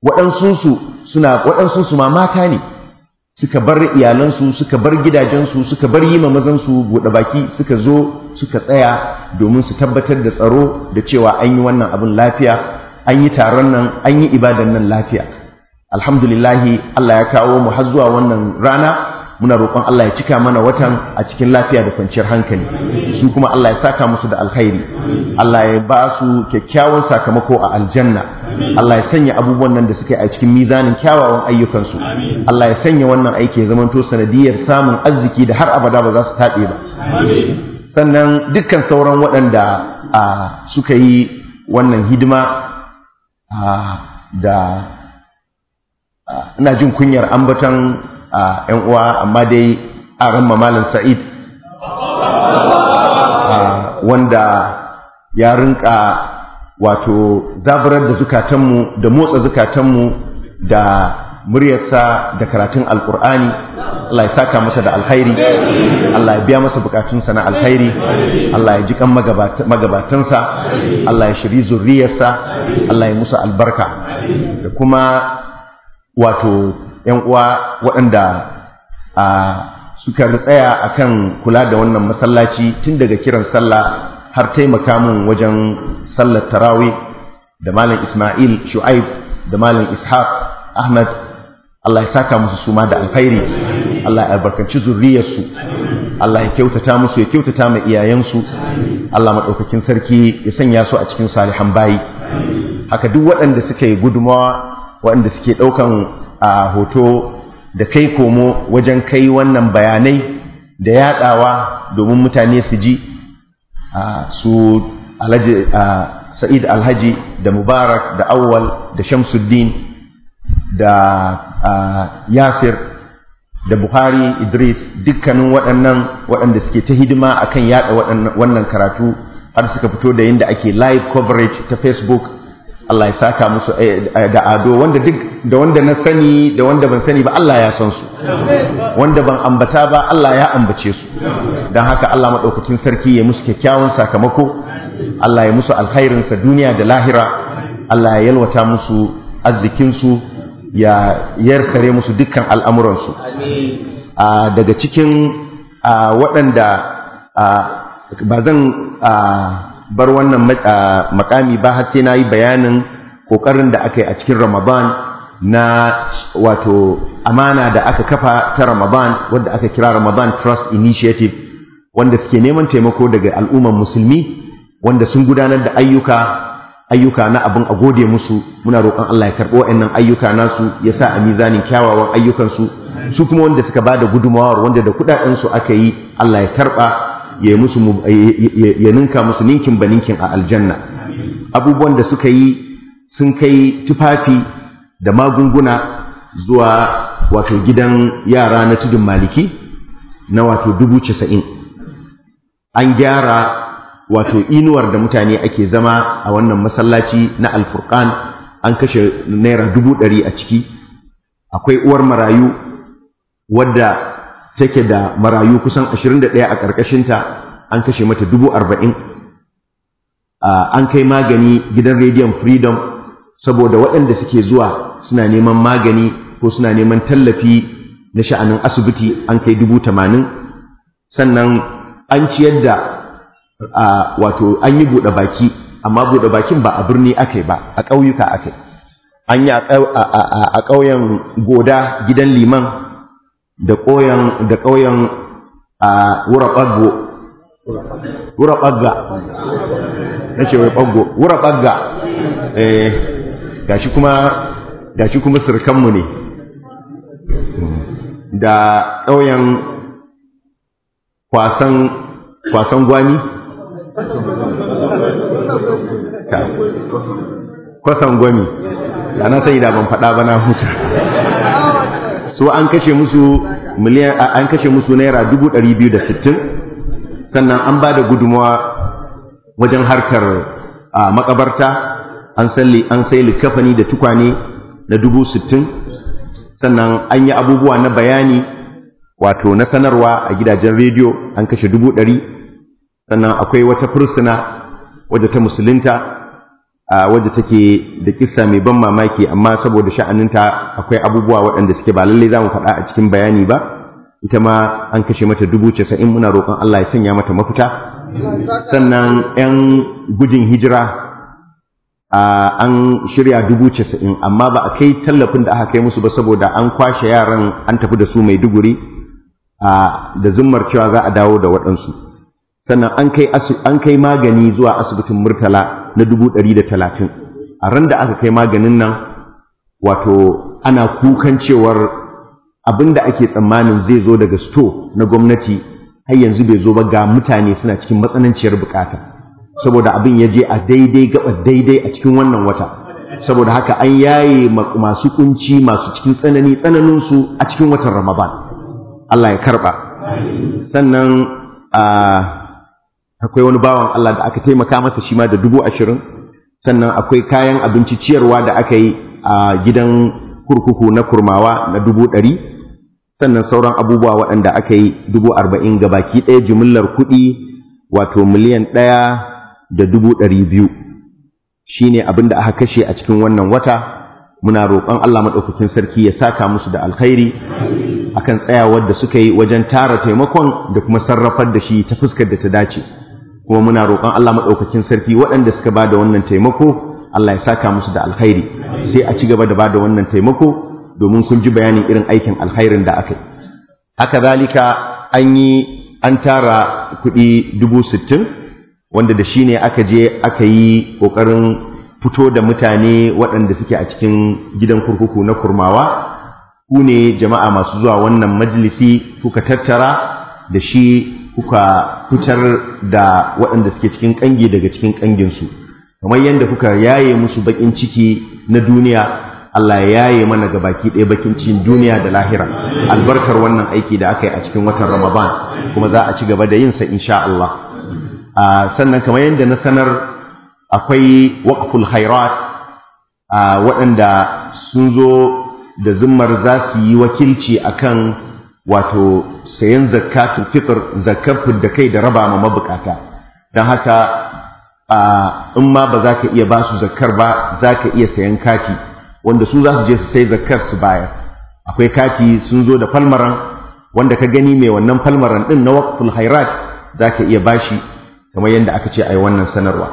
waɗansu su suna waɗansu su ma mata ne suka bar iyalansu suka bar gidajensu suka bar yi ma mazansu buɗe baki suka zo suka tsaya domin su tabbatar da tsaro da cewa an yi wannan abin lafiya an yi taron nan an yi ibadan nan lafiya alhamdulillahi Allah ya kawo mu har zuwa wannan rana muna roƙon Allah ya cika mana watan a cikin lafiya da kwanciyar hankali su kuma Allah ya saka musu da alkhairi Allah ya ba su kyakkyawan sakamako a aljanna Allah ya sanya abubuwan nan da suka yi a cikin mizanin kyawawan ayyukansu Allah ya sanya wannan aiki ya zamanto sanadiyar samun arziki da har abada ba za su taɓe ba sannan dukkan sauran waɗanda suka yi wannan hidima da ina jin kunyar ambatan ‘yan uwa amma dai a ran malam sa'id wanda ya rinka wato zaburar da zukatanmu da motsa zukatanmu da muryarsa da karatun alkur'ani Allah ya saka masa da alkhairi Allah ya biya masa bukatunsa na alkhairi Allah ya ji kan magabatansa Allah ya shiri zurriyarsa Allah ya musa albarka da kuma wato yan uwa waɗanda a suka tsaya akan kula da wannan masallaci tun daga kiran sallah har taimaka min wajen sallar tarawih da malam Ismail Shu'aib da malam Ishaq Ahmad Allah ya saka musu suma da alkhairi Allah ya albarkaci zuriyarsu Allah ya kyautata musu ya kyautata ma iyayensu Allah maɗaukakin sarki ya sanya su a cikin salihan bayi haka duk waɗanda suka yi gudumawa waɗanda suke ɗaukan a hoto da kai komo wajen kai wannan bayanai da yaɗawa domin mutane su ji su alhaji sa'id alhaji da mubarak da awwal da shamsuddin da yasir da buhari idris dukkanin waɗannan waɗanda suke ta hidima a kan yaɗa wannan karatu har suka fito da yadda ake live coverage ta facebook allah ya saka musu da ado wanda duk da wanda na sani da wanda ban sani ba allah ya san su wanda ban ambata ba allah ya ambace su don haka allah maɗaukacin sarki ya musu kyakkyawan sakamako allah ya musu alkhairinsa duniya da lahira allah ya yalwata musu arzikinsu ya yarkare musu dukkan al'amuransu daga cikin waɗanda ba zan bar wannan makami ba har sai na yi bayanin ƙoƙarin da aka yi a cikin ramadan na wato amana da aka kafa ta ramadan wadda aka kira ramadan trust initiative wanda suke neman taimako daga al'umman musulmi wanda sun gudanar da ayyuka ayyuka na abin a gode musu muna roƙon Allah ya karɓo wa'annan ayyuka nasu ya sa a mizanin kyawawan ayyukansu su kuma wanda suka bada gudunmawar wanda da kuɗaɗensu aka yi Allah ya karɓa ya ninka musu ninkin ba ninkin a aljanna abubuwan da suka yi sun kai tufafi da magunguna zuwa wato gidan yara na tudun maliki na wato dubu casa'in an gyara wato inuwar da mutane ake zama a wannan masallaci na alfurkan, an kashe naira dubu ɗari a ciki akwai uwar marayu wadda take da marayu kusan ashirin da ɗaya a ƙarƙashinta an kashe mata dubu arba'in an kai magani gidan rediyon freedom saboda waɗanda suke zuwa suna neman magani ko suna neman tallafi na sha'anin asibiti an kai dubu tamanin sannan an ciyar da wato an yi buɗe baki amma buɗe bakin ba a birni aka ba a ƙauyuka aka an yi a ƙauyen goda gidan liman da ƙoyan da ƙauyen Wura ɓagga. na ce wura ɓagga. Eh, gashi kuma gashi kuma sirkanmu ne da ƙauyen kwasan kwasan gwani kwasan gwami da na sai da ban faɗa ba na huta so an kashe musu miliyan an kashe musu naira dubu biyu da sittin sannan an ba da gudunmawa wajen harkar makabarta an salli an sai likafani da tukwane na dubu sannan an yi abubuwa na bayani wato na sanarwa a gidajen rediyo an kashe dubu sannan akwai wata fursuna wadda ta musulunta wadda take da kissa mai ban mamaki amma saboda sha'aninta akwai abubuwa waɗanda suke ba lallai za mu faɗa a cikin bayani ba ita ma an kashe mata dubu casa'in muna roƙon Allah ya sanya mata mafita sannan 'yan gudun hijira an shirya dubu casa'in amma ba a kai tallafin da aka kai musu ba saboda an kwashe yaran an tafi da su mai duguri da zummar cewa za a dawo da waɗansu sannan an kai magani zuwa asibitin murtala na dubu ɗari da talatin a ran da aka kai maganin nan wato ana kukan cewar abin da ake tsammanin zai zo daga sto na gwamnati har yanzu bai zo ba ga mutane suna cikin matsananciyar bukata saboda abin ya je a daidai gaba daidai a cikin wannan wata saboda haka an yaye masu kunci masu cikin tsanani su a cikin watan ramadan Allah ya karba sannan a ah, akwai wani bawan Allah da aka taimaka masa shi ma da dubu ashirin sannan akwai kayan abinci ciyarwa da aka yi a gidan kurkuku na kurmawa na dubu ɗari sannan sauran abubuwa waɗanda aka yi dubu arba'in ga baki ɗaya jimillar kuɗi wato miliyan ɗaya da dubu ɗari biyu shi ne abin da aka kashe a cikin wannan wata muna roƙon Allah maɗaukakin sarki ya saka musu da alkhairi akan tsayawar da suka yi wajen tara taimakon da kuma sarrafar da shi ta fuskar da ta dace. kuma muna roƙon Allah maɗaukakin sarki waɗanda suka ba da wannan taimako Allah ya saka musu da alkhairi sai a ci gaba da ba da wannan taimako domin kun ji bayanin irin aikin alhairin da aka yi haka zalika an yi an tara kuɗi dubu sittin wanda da shi ne aka je aka yi ƙoƙarin fito da mutane waɗanda suke a cikin gidan kurkuku na kurmawa ku ne jama'a masu zuwa wannan majalisi kuka tattara da shi kuka fitar da waɗanda suke cikin ƙangi daga cikin ƙanginsu kamar yadda kuka yaye musu baƙin ciki na duniya Allah ya yaye mana ga baki ɗaya bakin cikin duniya da lahira albarkar wannan aiki da aka yi a cikin watan Ramadan kuma za a ci gaba da yinsa insha Allah sannan kamar yadda na sanar akwai waqful khairat waɗanda sun zo da zummar za su yi wakilci akan wato sayan zakatul fitr zakar da kai da raba ma mabukata don haka in ma ba za ka iya ba su zakar ba za ka iya sayan kati wanda su za su je su sai zakar su bayar akwai kati sun zo da falmaran wanda ka gani mai wannan falmaran din na waqful hairat za ka iya bashi kamar yadda aka ce a yi wannan sanarwa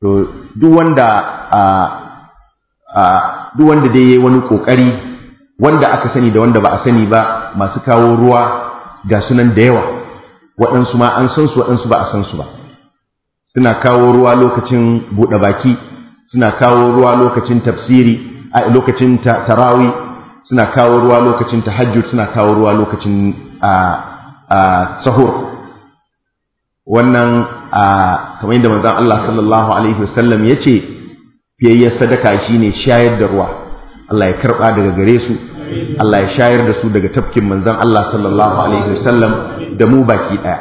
to duk wanda duk wanda dai yayi wani kokari wanda aka sani da wanda ba a sani ba masu kawo ruwa ga sunan da yawa waɗansu ma an san su waɗansu ba a san su ba suna kawo ruwa lokacin buɗe baki suna kawo ruwa lokacin tafsiri a lokacin tarawi suna kawo ruwa lokacin tahajjud suna kawo ruwa lokacin a sahur wannan a kamar yadda manzon Allah sallallahu alaihi wasallam yace fiyayya sadaka shine shayar da ruwa Allah ya karba daga gare su Allah ya shayar da su daga tafkin manzan, Allah sallallahu alaihi wasallam da mu baki ɗaya.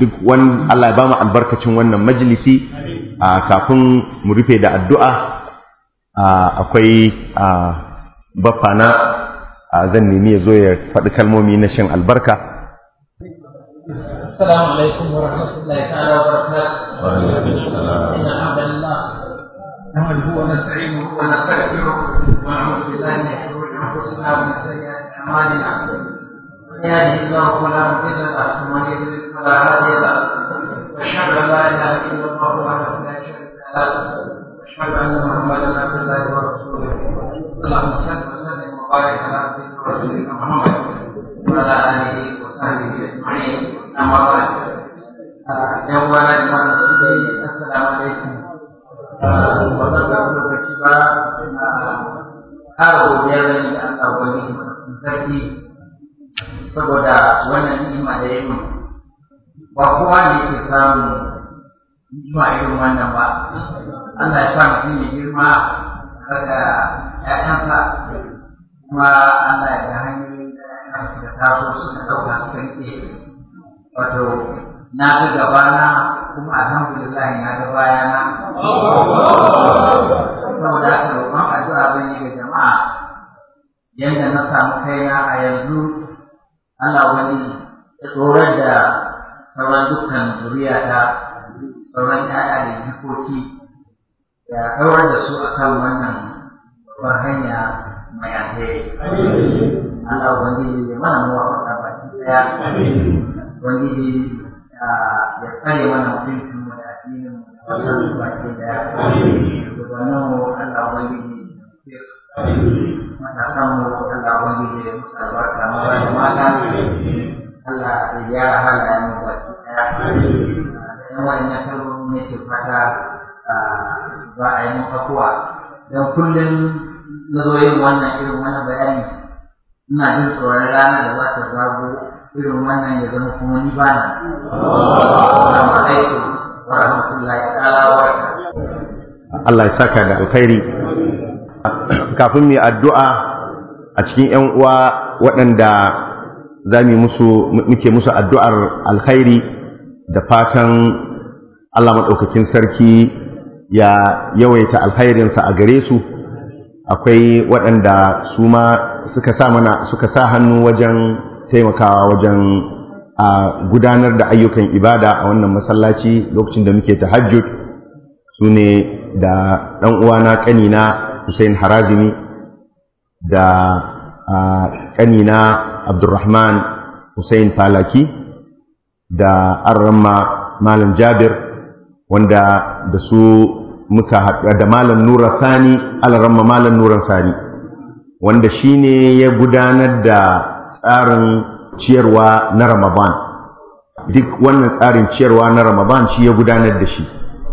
duk wani Allah ya ba mu albarkacin wannan majalisi kafin mu rufe da addu'a akwai baffana zan nemi ya zo ya faɗi kalmomi na shan albarka السلام عليكم ورحمة الله تعالى وبركاته. وعليكم السلام. إن نحمده ونستعينه ونستغفره ونعوذ بالله من شرور انفسنا ومن سيئات اعمالنا من يهده الله فلا مضل له ومن يضلل فلا هادي له واشهد ان لا اله الا الله وحده لا شريك له واشهد ان محمدا عبد الله ورسوله اللهم صل وسلم وبارك على عبدك ورسولك محمد وعلى اله وصحبه اجمعين اما بعد يوم السلام عليكم ba zan samu lokaci ba ƙara godiya biya ne da Allah wani sarki saboda wannan ni'ima da ya ba kowa ne ke samu ni'ima irin wannan ba Allah ya sa mutum ya girma ya ‘ya'yansa kuma Allah ya ga hanyoyin da ‘ya'yansa da taso ɗauka suka rike wato na ga gabana kuma alhamdulillah ya ga baya na saboda haka roƙon addu'a zan ga jama'a yadda na samu kaina a yanzu Allah wani ya tsorar da sauran dukkan zuriyata sauran ƴaƴa da jikoki ya ɗaurar da su akan wannan babbar hanya mai alheri Allah wani ya mana mawaƙa baki ɗaya wani ya tsare mana mutuncin mu da addinin mu da wannan baki daya shugabannin mu Allah wani ne matasan mu Allah wani ne musa barka mu ba da mata Allah ya gyara halayen mu baki daya da yawan ya tabo ne ke fata za a yi maka kuwa don kullum na zo yin wannan irin wannan bayani ina jin tsoron ranar da za ta zago irin wannan ya zama kuma ni ba na. Allah ya saka da alkhairi. Kafin mu addu'a a cikin ‘yan uwa waɗanda za mu musu muke musu addu'ar alkhairi da fatan Allah maɗaukakin sarki ya yawaita alkhairinsa a gare su akwai waɗanda su ma suka sa mana suka sa hannu wajen taimakawa wajen gudanar da ayyukan ibada a wannan masallaci lokacin da muke ta su ne da ɗan uwana ƙanina Hussein Harazimi da ƙanina Abdulrahman Hussein Falaki da Arramma Malam Jabir wanda da su muka haɗa da Malam Nura Sani Alaramma Malam Nura Sani wanda shi ne ya gudanar da tsarin ciyarwa na Ramadan duk wannan tsarin ciyarwa na Ramadan shi ya gudanar da shi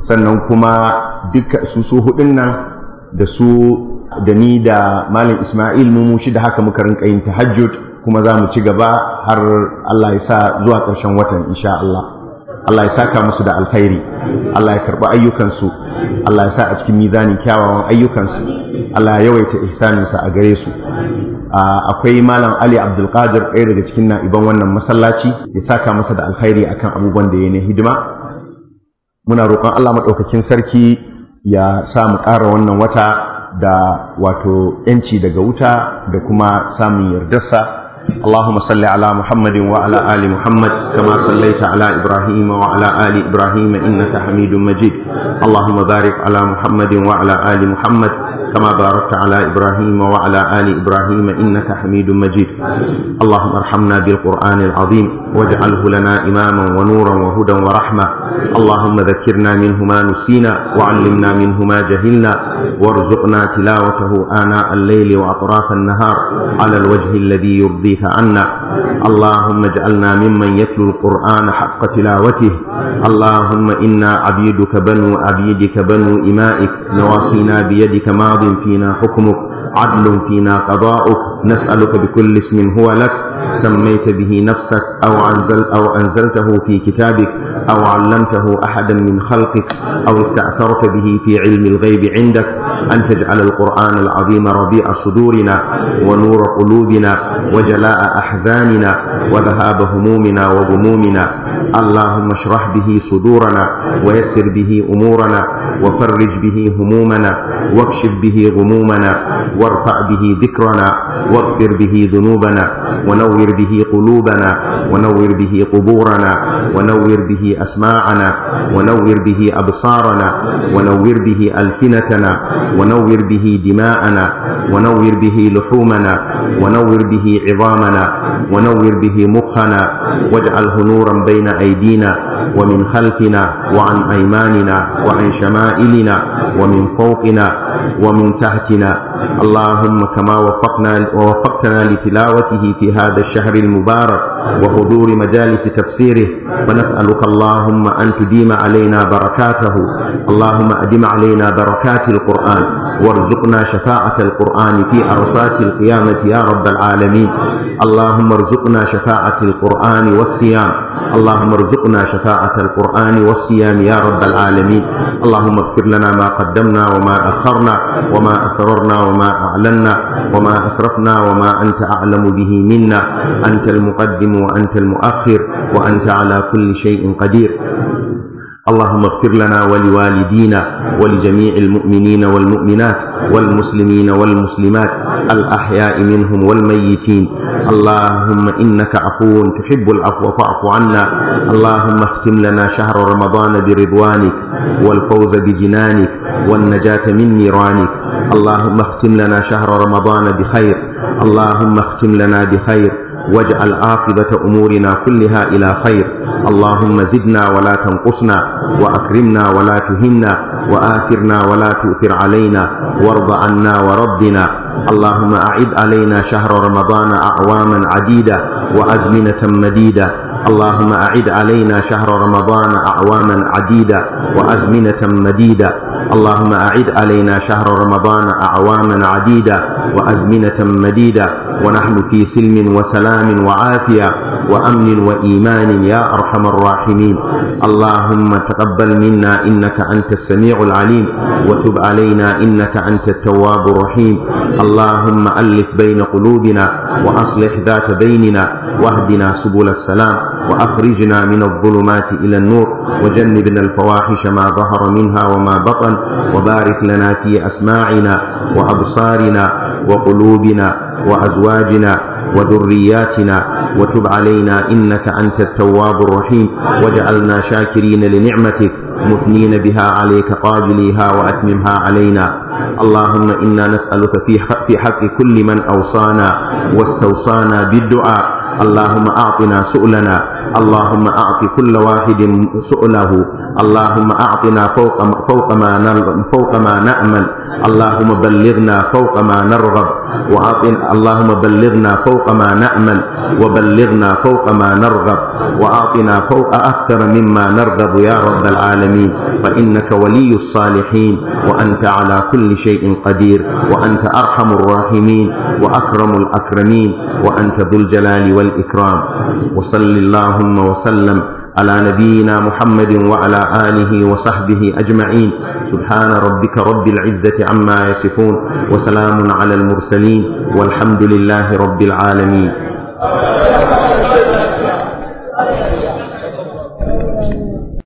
sannan kuma duka su su hudun nan da su da ni da Malam Ismail mu shi da haka muka rinka yin tahajjud kuma za mu ci gaba har Allah ya sa zuwa ƙarshen watan insha Allah Allah ya saka musu da alkhairi Allah ya karɓi ayyukansu Allah ya sa a cikin mizanin kyawawan ayyukansu Allah ya yawaita ihsaninsa a gare su akwai malam Ali Abdulkadir ɗaya daga cikin na'iban wannan masallaci ya saka masa da alkhairi akan abubuwan da ya na hidima muna roƙon Allah maɗaukakin sarki ya sa mu ƙara wannan wata da wato yanci daga wuta da kuma samun yardarsa اللهم صل على محمد وعلى آل محمد كما صليت على إبراهيم وعلى آل إبراهيم إنك حميد مجيد اللهم بارك على محمد وعلى آل محمد كما باركت على إبراهيم وعلى آل إبراهيم إنك حميد مجيد اللهم ارحمنا بالقرآن العظيم واجعله لنا إماما ونورا وهدى ورحمة اللهم ذكرنا منه ما نسينا وعلمنا منه ما جهلنا وارزقنا تلاوته آناء الليل وأطراف النهار على الوجه الذي يرضيك عنا اللهم اجعلنا ممن يتلو القرآن حق تلاوته اللهم إنا عبيدك بنو عبيدك بنو إمائك نواصينا بيدك ماض عدل فينا حكمك عدل فينا قضاؤك نسألك بكل اسم هو لك سميت به نفسك أو, أنزل أو أنزلته في كتابك أو علمته أحدا من خلقك أو استأثرت به في علم الغيب عندك أن تجعل القرآن العظيم ربيع صدورنا ونور قلوبنا وجلاء أحزاننا وذهاب همومنا وغمومنا اللهم اشرح به صدورنا ويسر به أمورنا وفرج به همومنا واكشف به غمومنا وارفع به ذكرنا واغفر به ذنوبنا ونور ونور به قلوبنا ونور به قبورنا ونور به أسماعنا ونور به أبصارنا ونور به ألسنتنا ونور به دماءنا ونور به لحومنا ونور به عظامنا ونور به مخنا واجعله نورا بين أيدينا ومن خلفنا وعن أيماننا وعن شمائلنا ومن فوقنا ومن تحتنا اللهم كما وفقنا ووفقتنا لتلاوته في هذا الشهر المبارك وحضور مجالس تفسيره ونسألك اللهم أن تديم علينا بركاته اللهم أدم علينا بركات القرآن وارزقنا شفاعة القرآن في أرصات القيامة يا رب العالمين اللهم ارزقنا شفاعة القرآن والصيام اللهم ارزقنا شفاعة القرآن والصيام يا رب العالمين اللهم اغفر لنا ما قدمنا وما أخرنا وما أسررنا وما أعلنا وما أسرفنا وما أنت أعلم به منا أنت المقدم وأنت المؤخر وأنت على كل شيء قدير اللهم اغفر لنا ولوالدينا ولجميع المؤمنين والمؤمنات والمسلمين والمسلمات الأحياء منهم والميتين اللهم إنك عفو تحب العفو فاعف عنا اللهم اختم لنا شهر رمضان برضوانك والفوز بجنانك والنجاة من نيرانك اللهم اختم لنا شهر رمضان بخير اللهم اختم لنا بخير واجعل عاقبة أمورنا كلها إلى خير اللهم زدنا ولا تنقصنا وأكرمنا ولا تهنا وآثرنا ولا تؤثر علينا وارض عنا وربنا اللهم أعد علينا شهر رمضان أعواما عديدة وأزمنة مديدة اللهم أعد علينا شهر رمضان أعواما عديدة وأزمنة مديدة اللهم أعد علينا شهر رمضان أعواما عديدة وأزمنة مديدة ونحن في سلم وسلام وعافية وأمن وإيمان يا أرحم الراحمين اللهم تقبل منا إنك أنت السميع العليم وتب علينا إنك أنت التواب الرحيم اللهم ألف بين قلوبنا وأصلح ذات بيننا واهدنا سبل السلام وأخرجنا من الظلمات إلى النور وجنبنا الفواحش ما ظهر منها وما بطن وبارك لنا في أسماعنا وأبصارنا وقلوبنا وأزواجنا وذرياتنا وتب علينا إنك أنت التواب الرحيم وجعلنا شاكرين لنعمتك مثنين بها عليك قابليها وأتممها علينا اللهم إنا نسألك في حق كل من أوصانا واستوصانا بالدعاء اللهم أعطنا سؤلنا اللهم أعط كل واحد سؤله اللهم أعطنا فوق ما فوق ما نأمل اللهم بلغنا فوق ما نرغب وأعطنا اللهم بلغنا فوق ما نأمل وبلغنا فوق ما نرغب وأعطنا فوق أكثر مما نرغب يا رب العالمين فإنك ولي الصالحين وأنت على كل شيء قدير وأنت أرحم الراحمين وأكرم الأكرمين وأنت ذو الجلال والإكرام وصل اللهم وسلم على نبينا محمد وعلى آله وصحبه أجمعين سبحان ربك رب العزة عما يصفون وسلام على المرسلين والحمد لله رب العالمين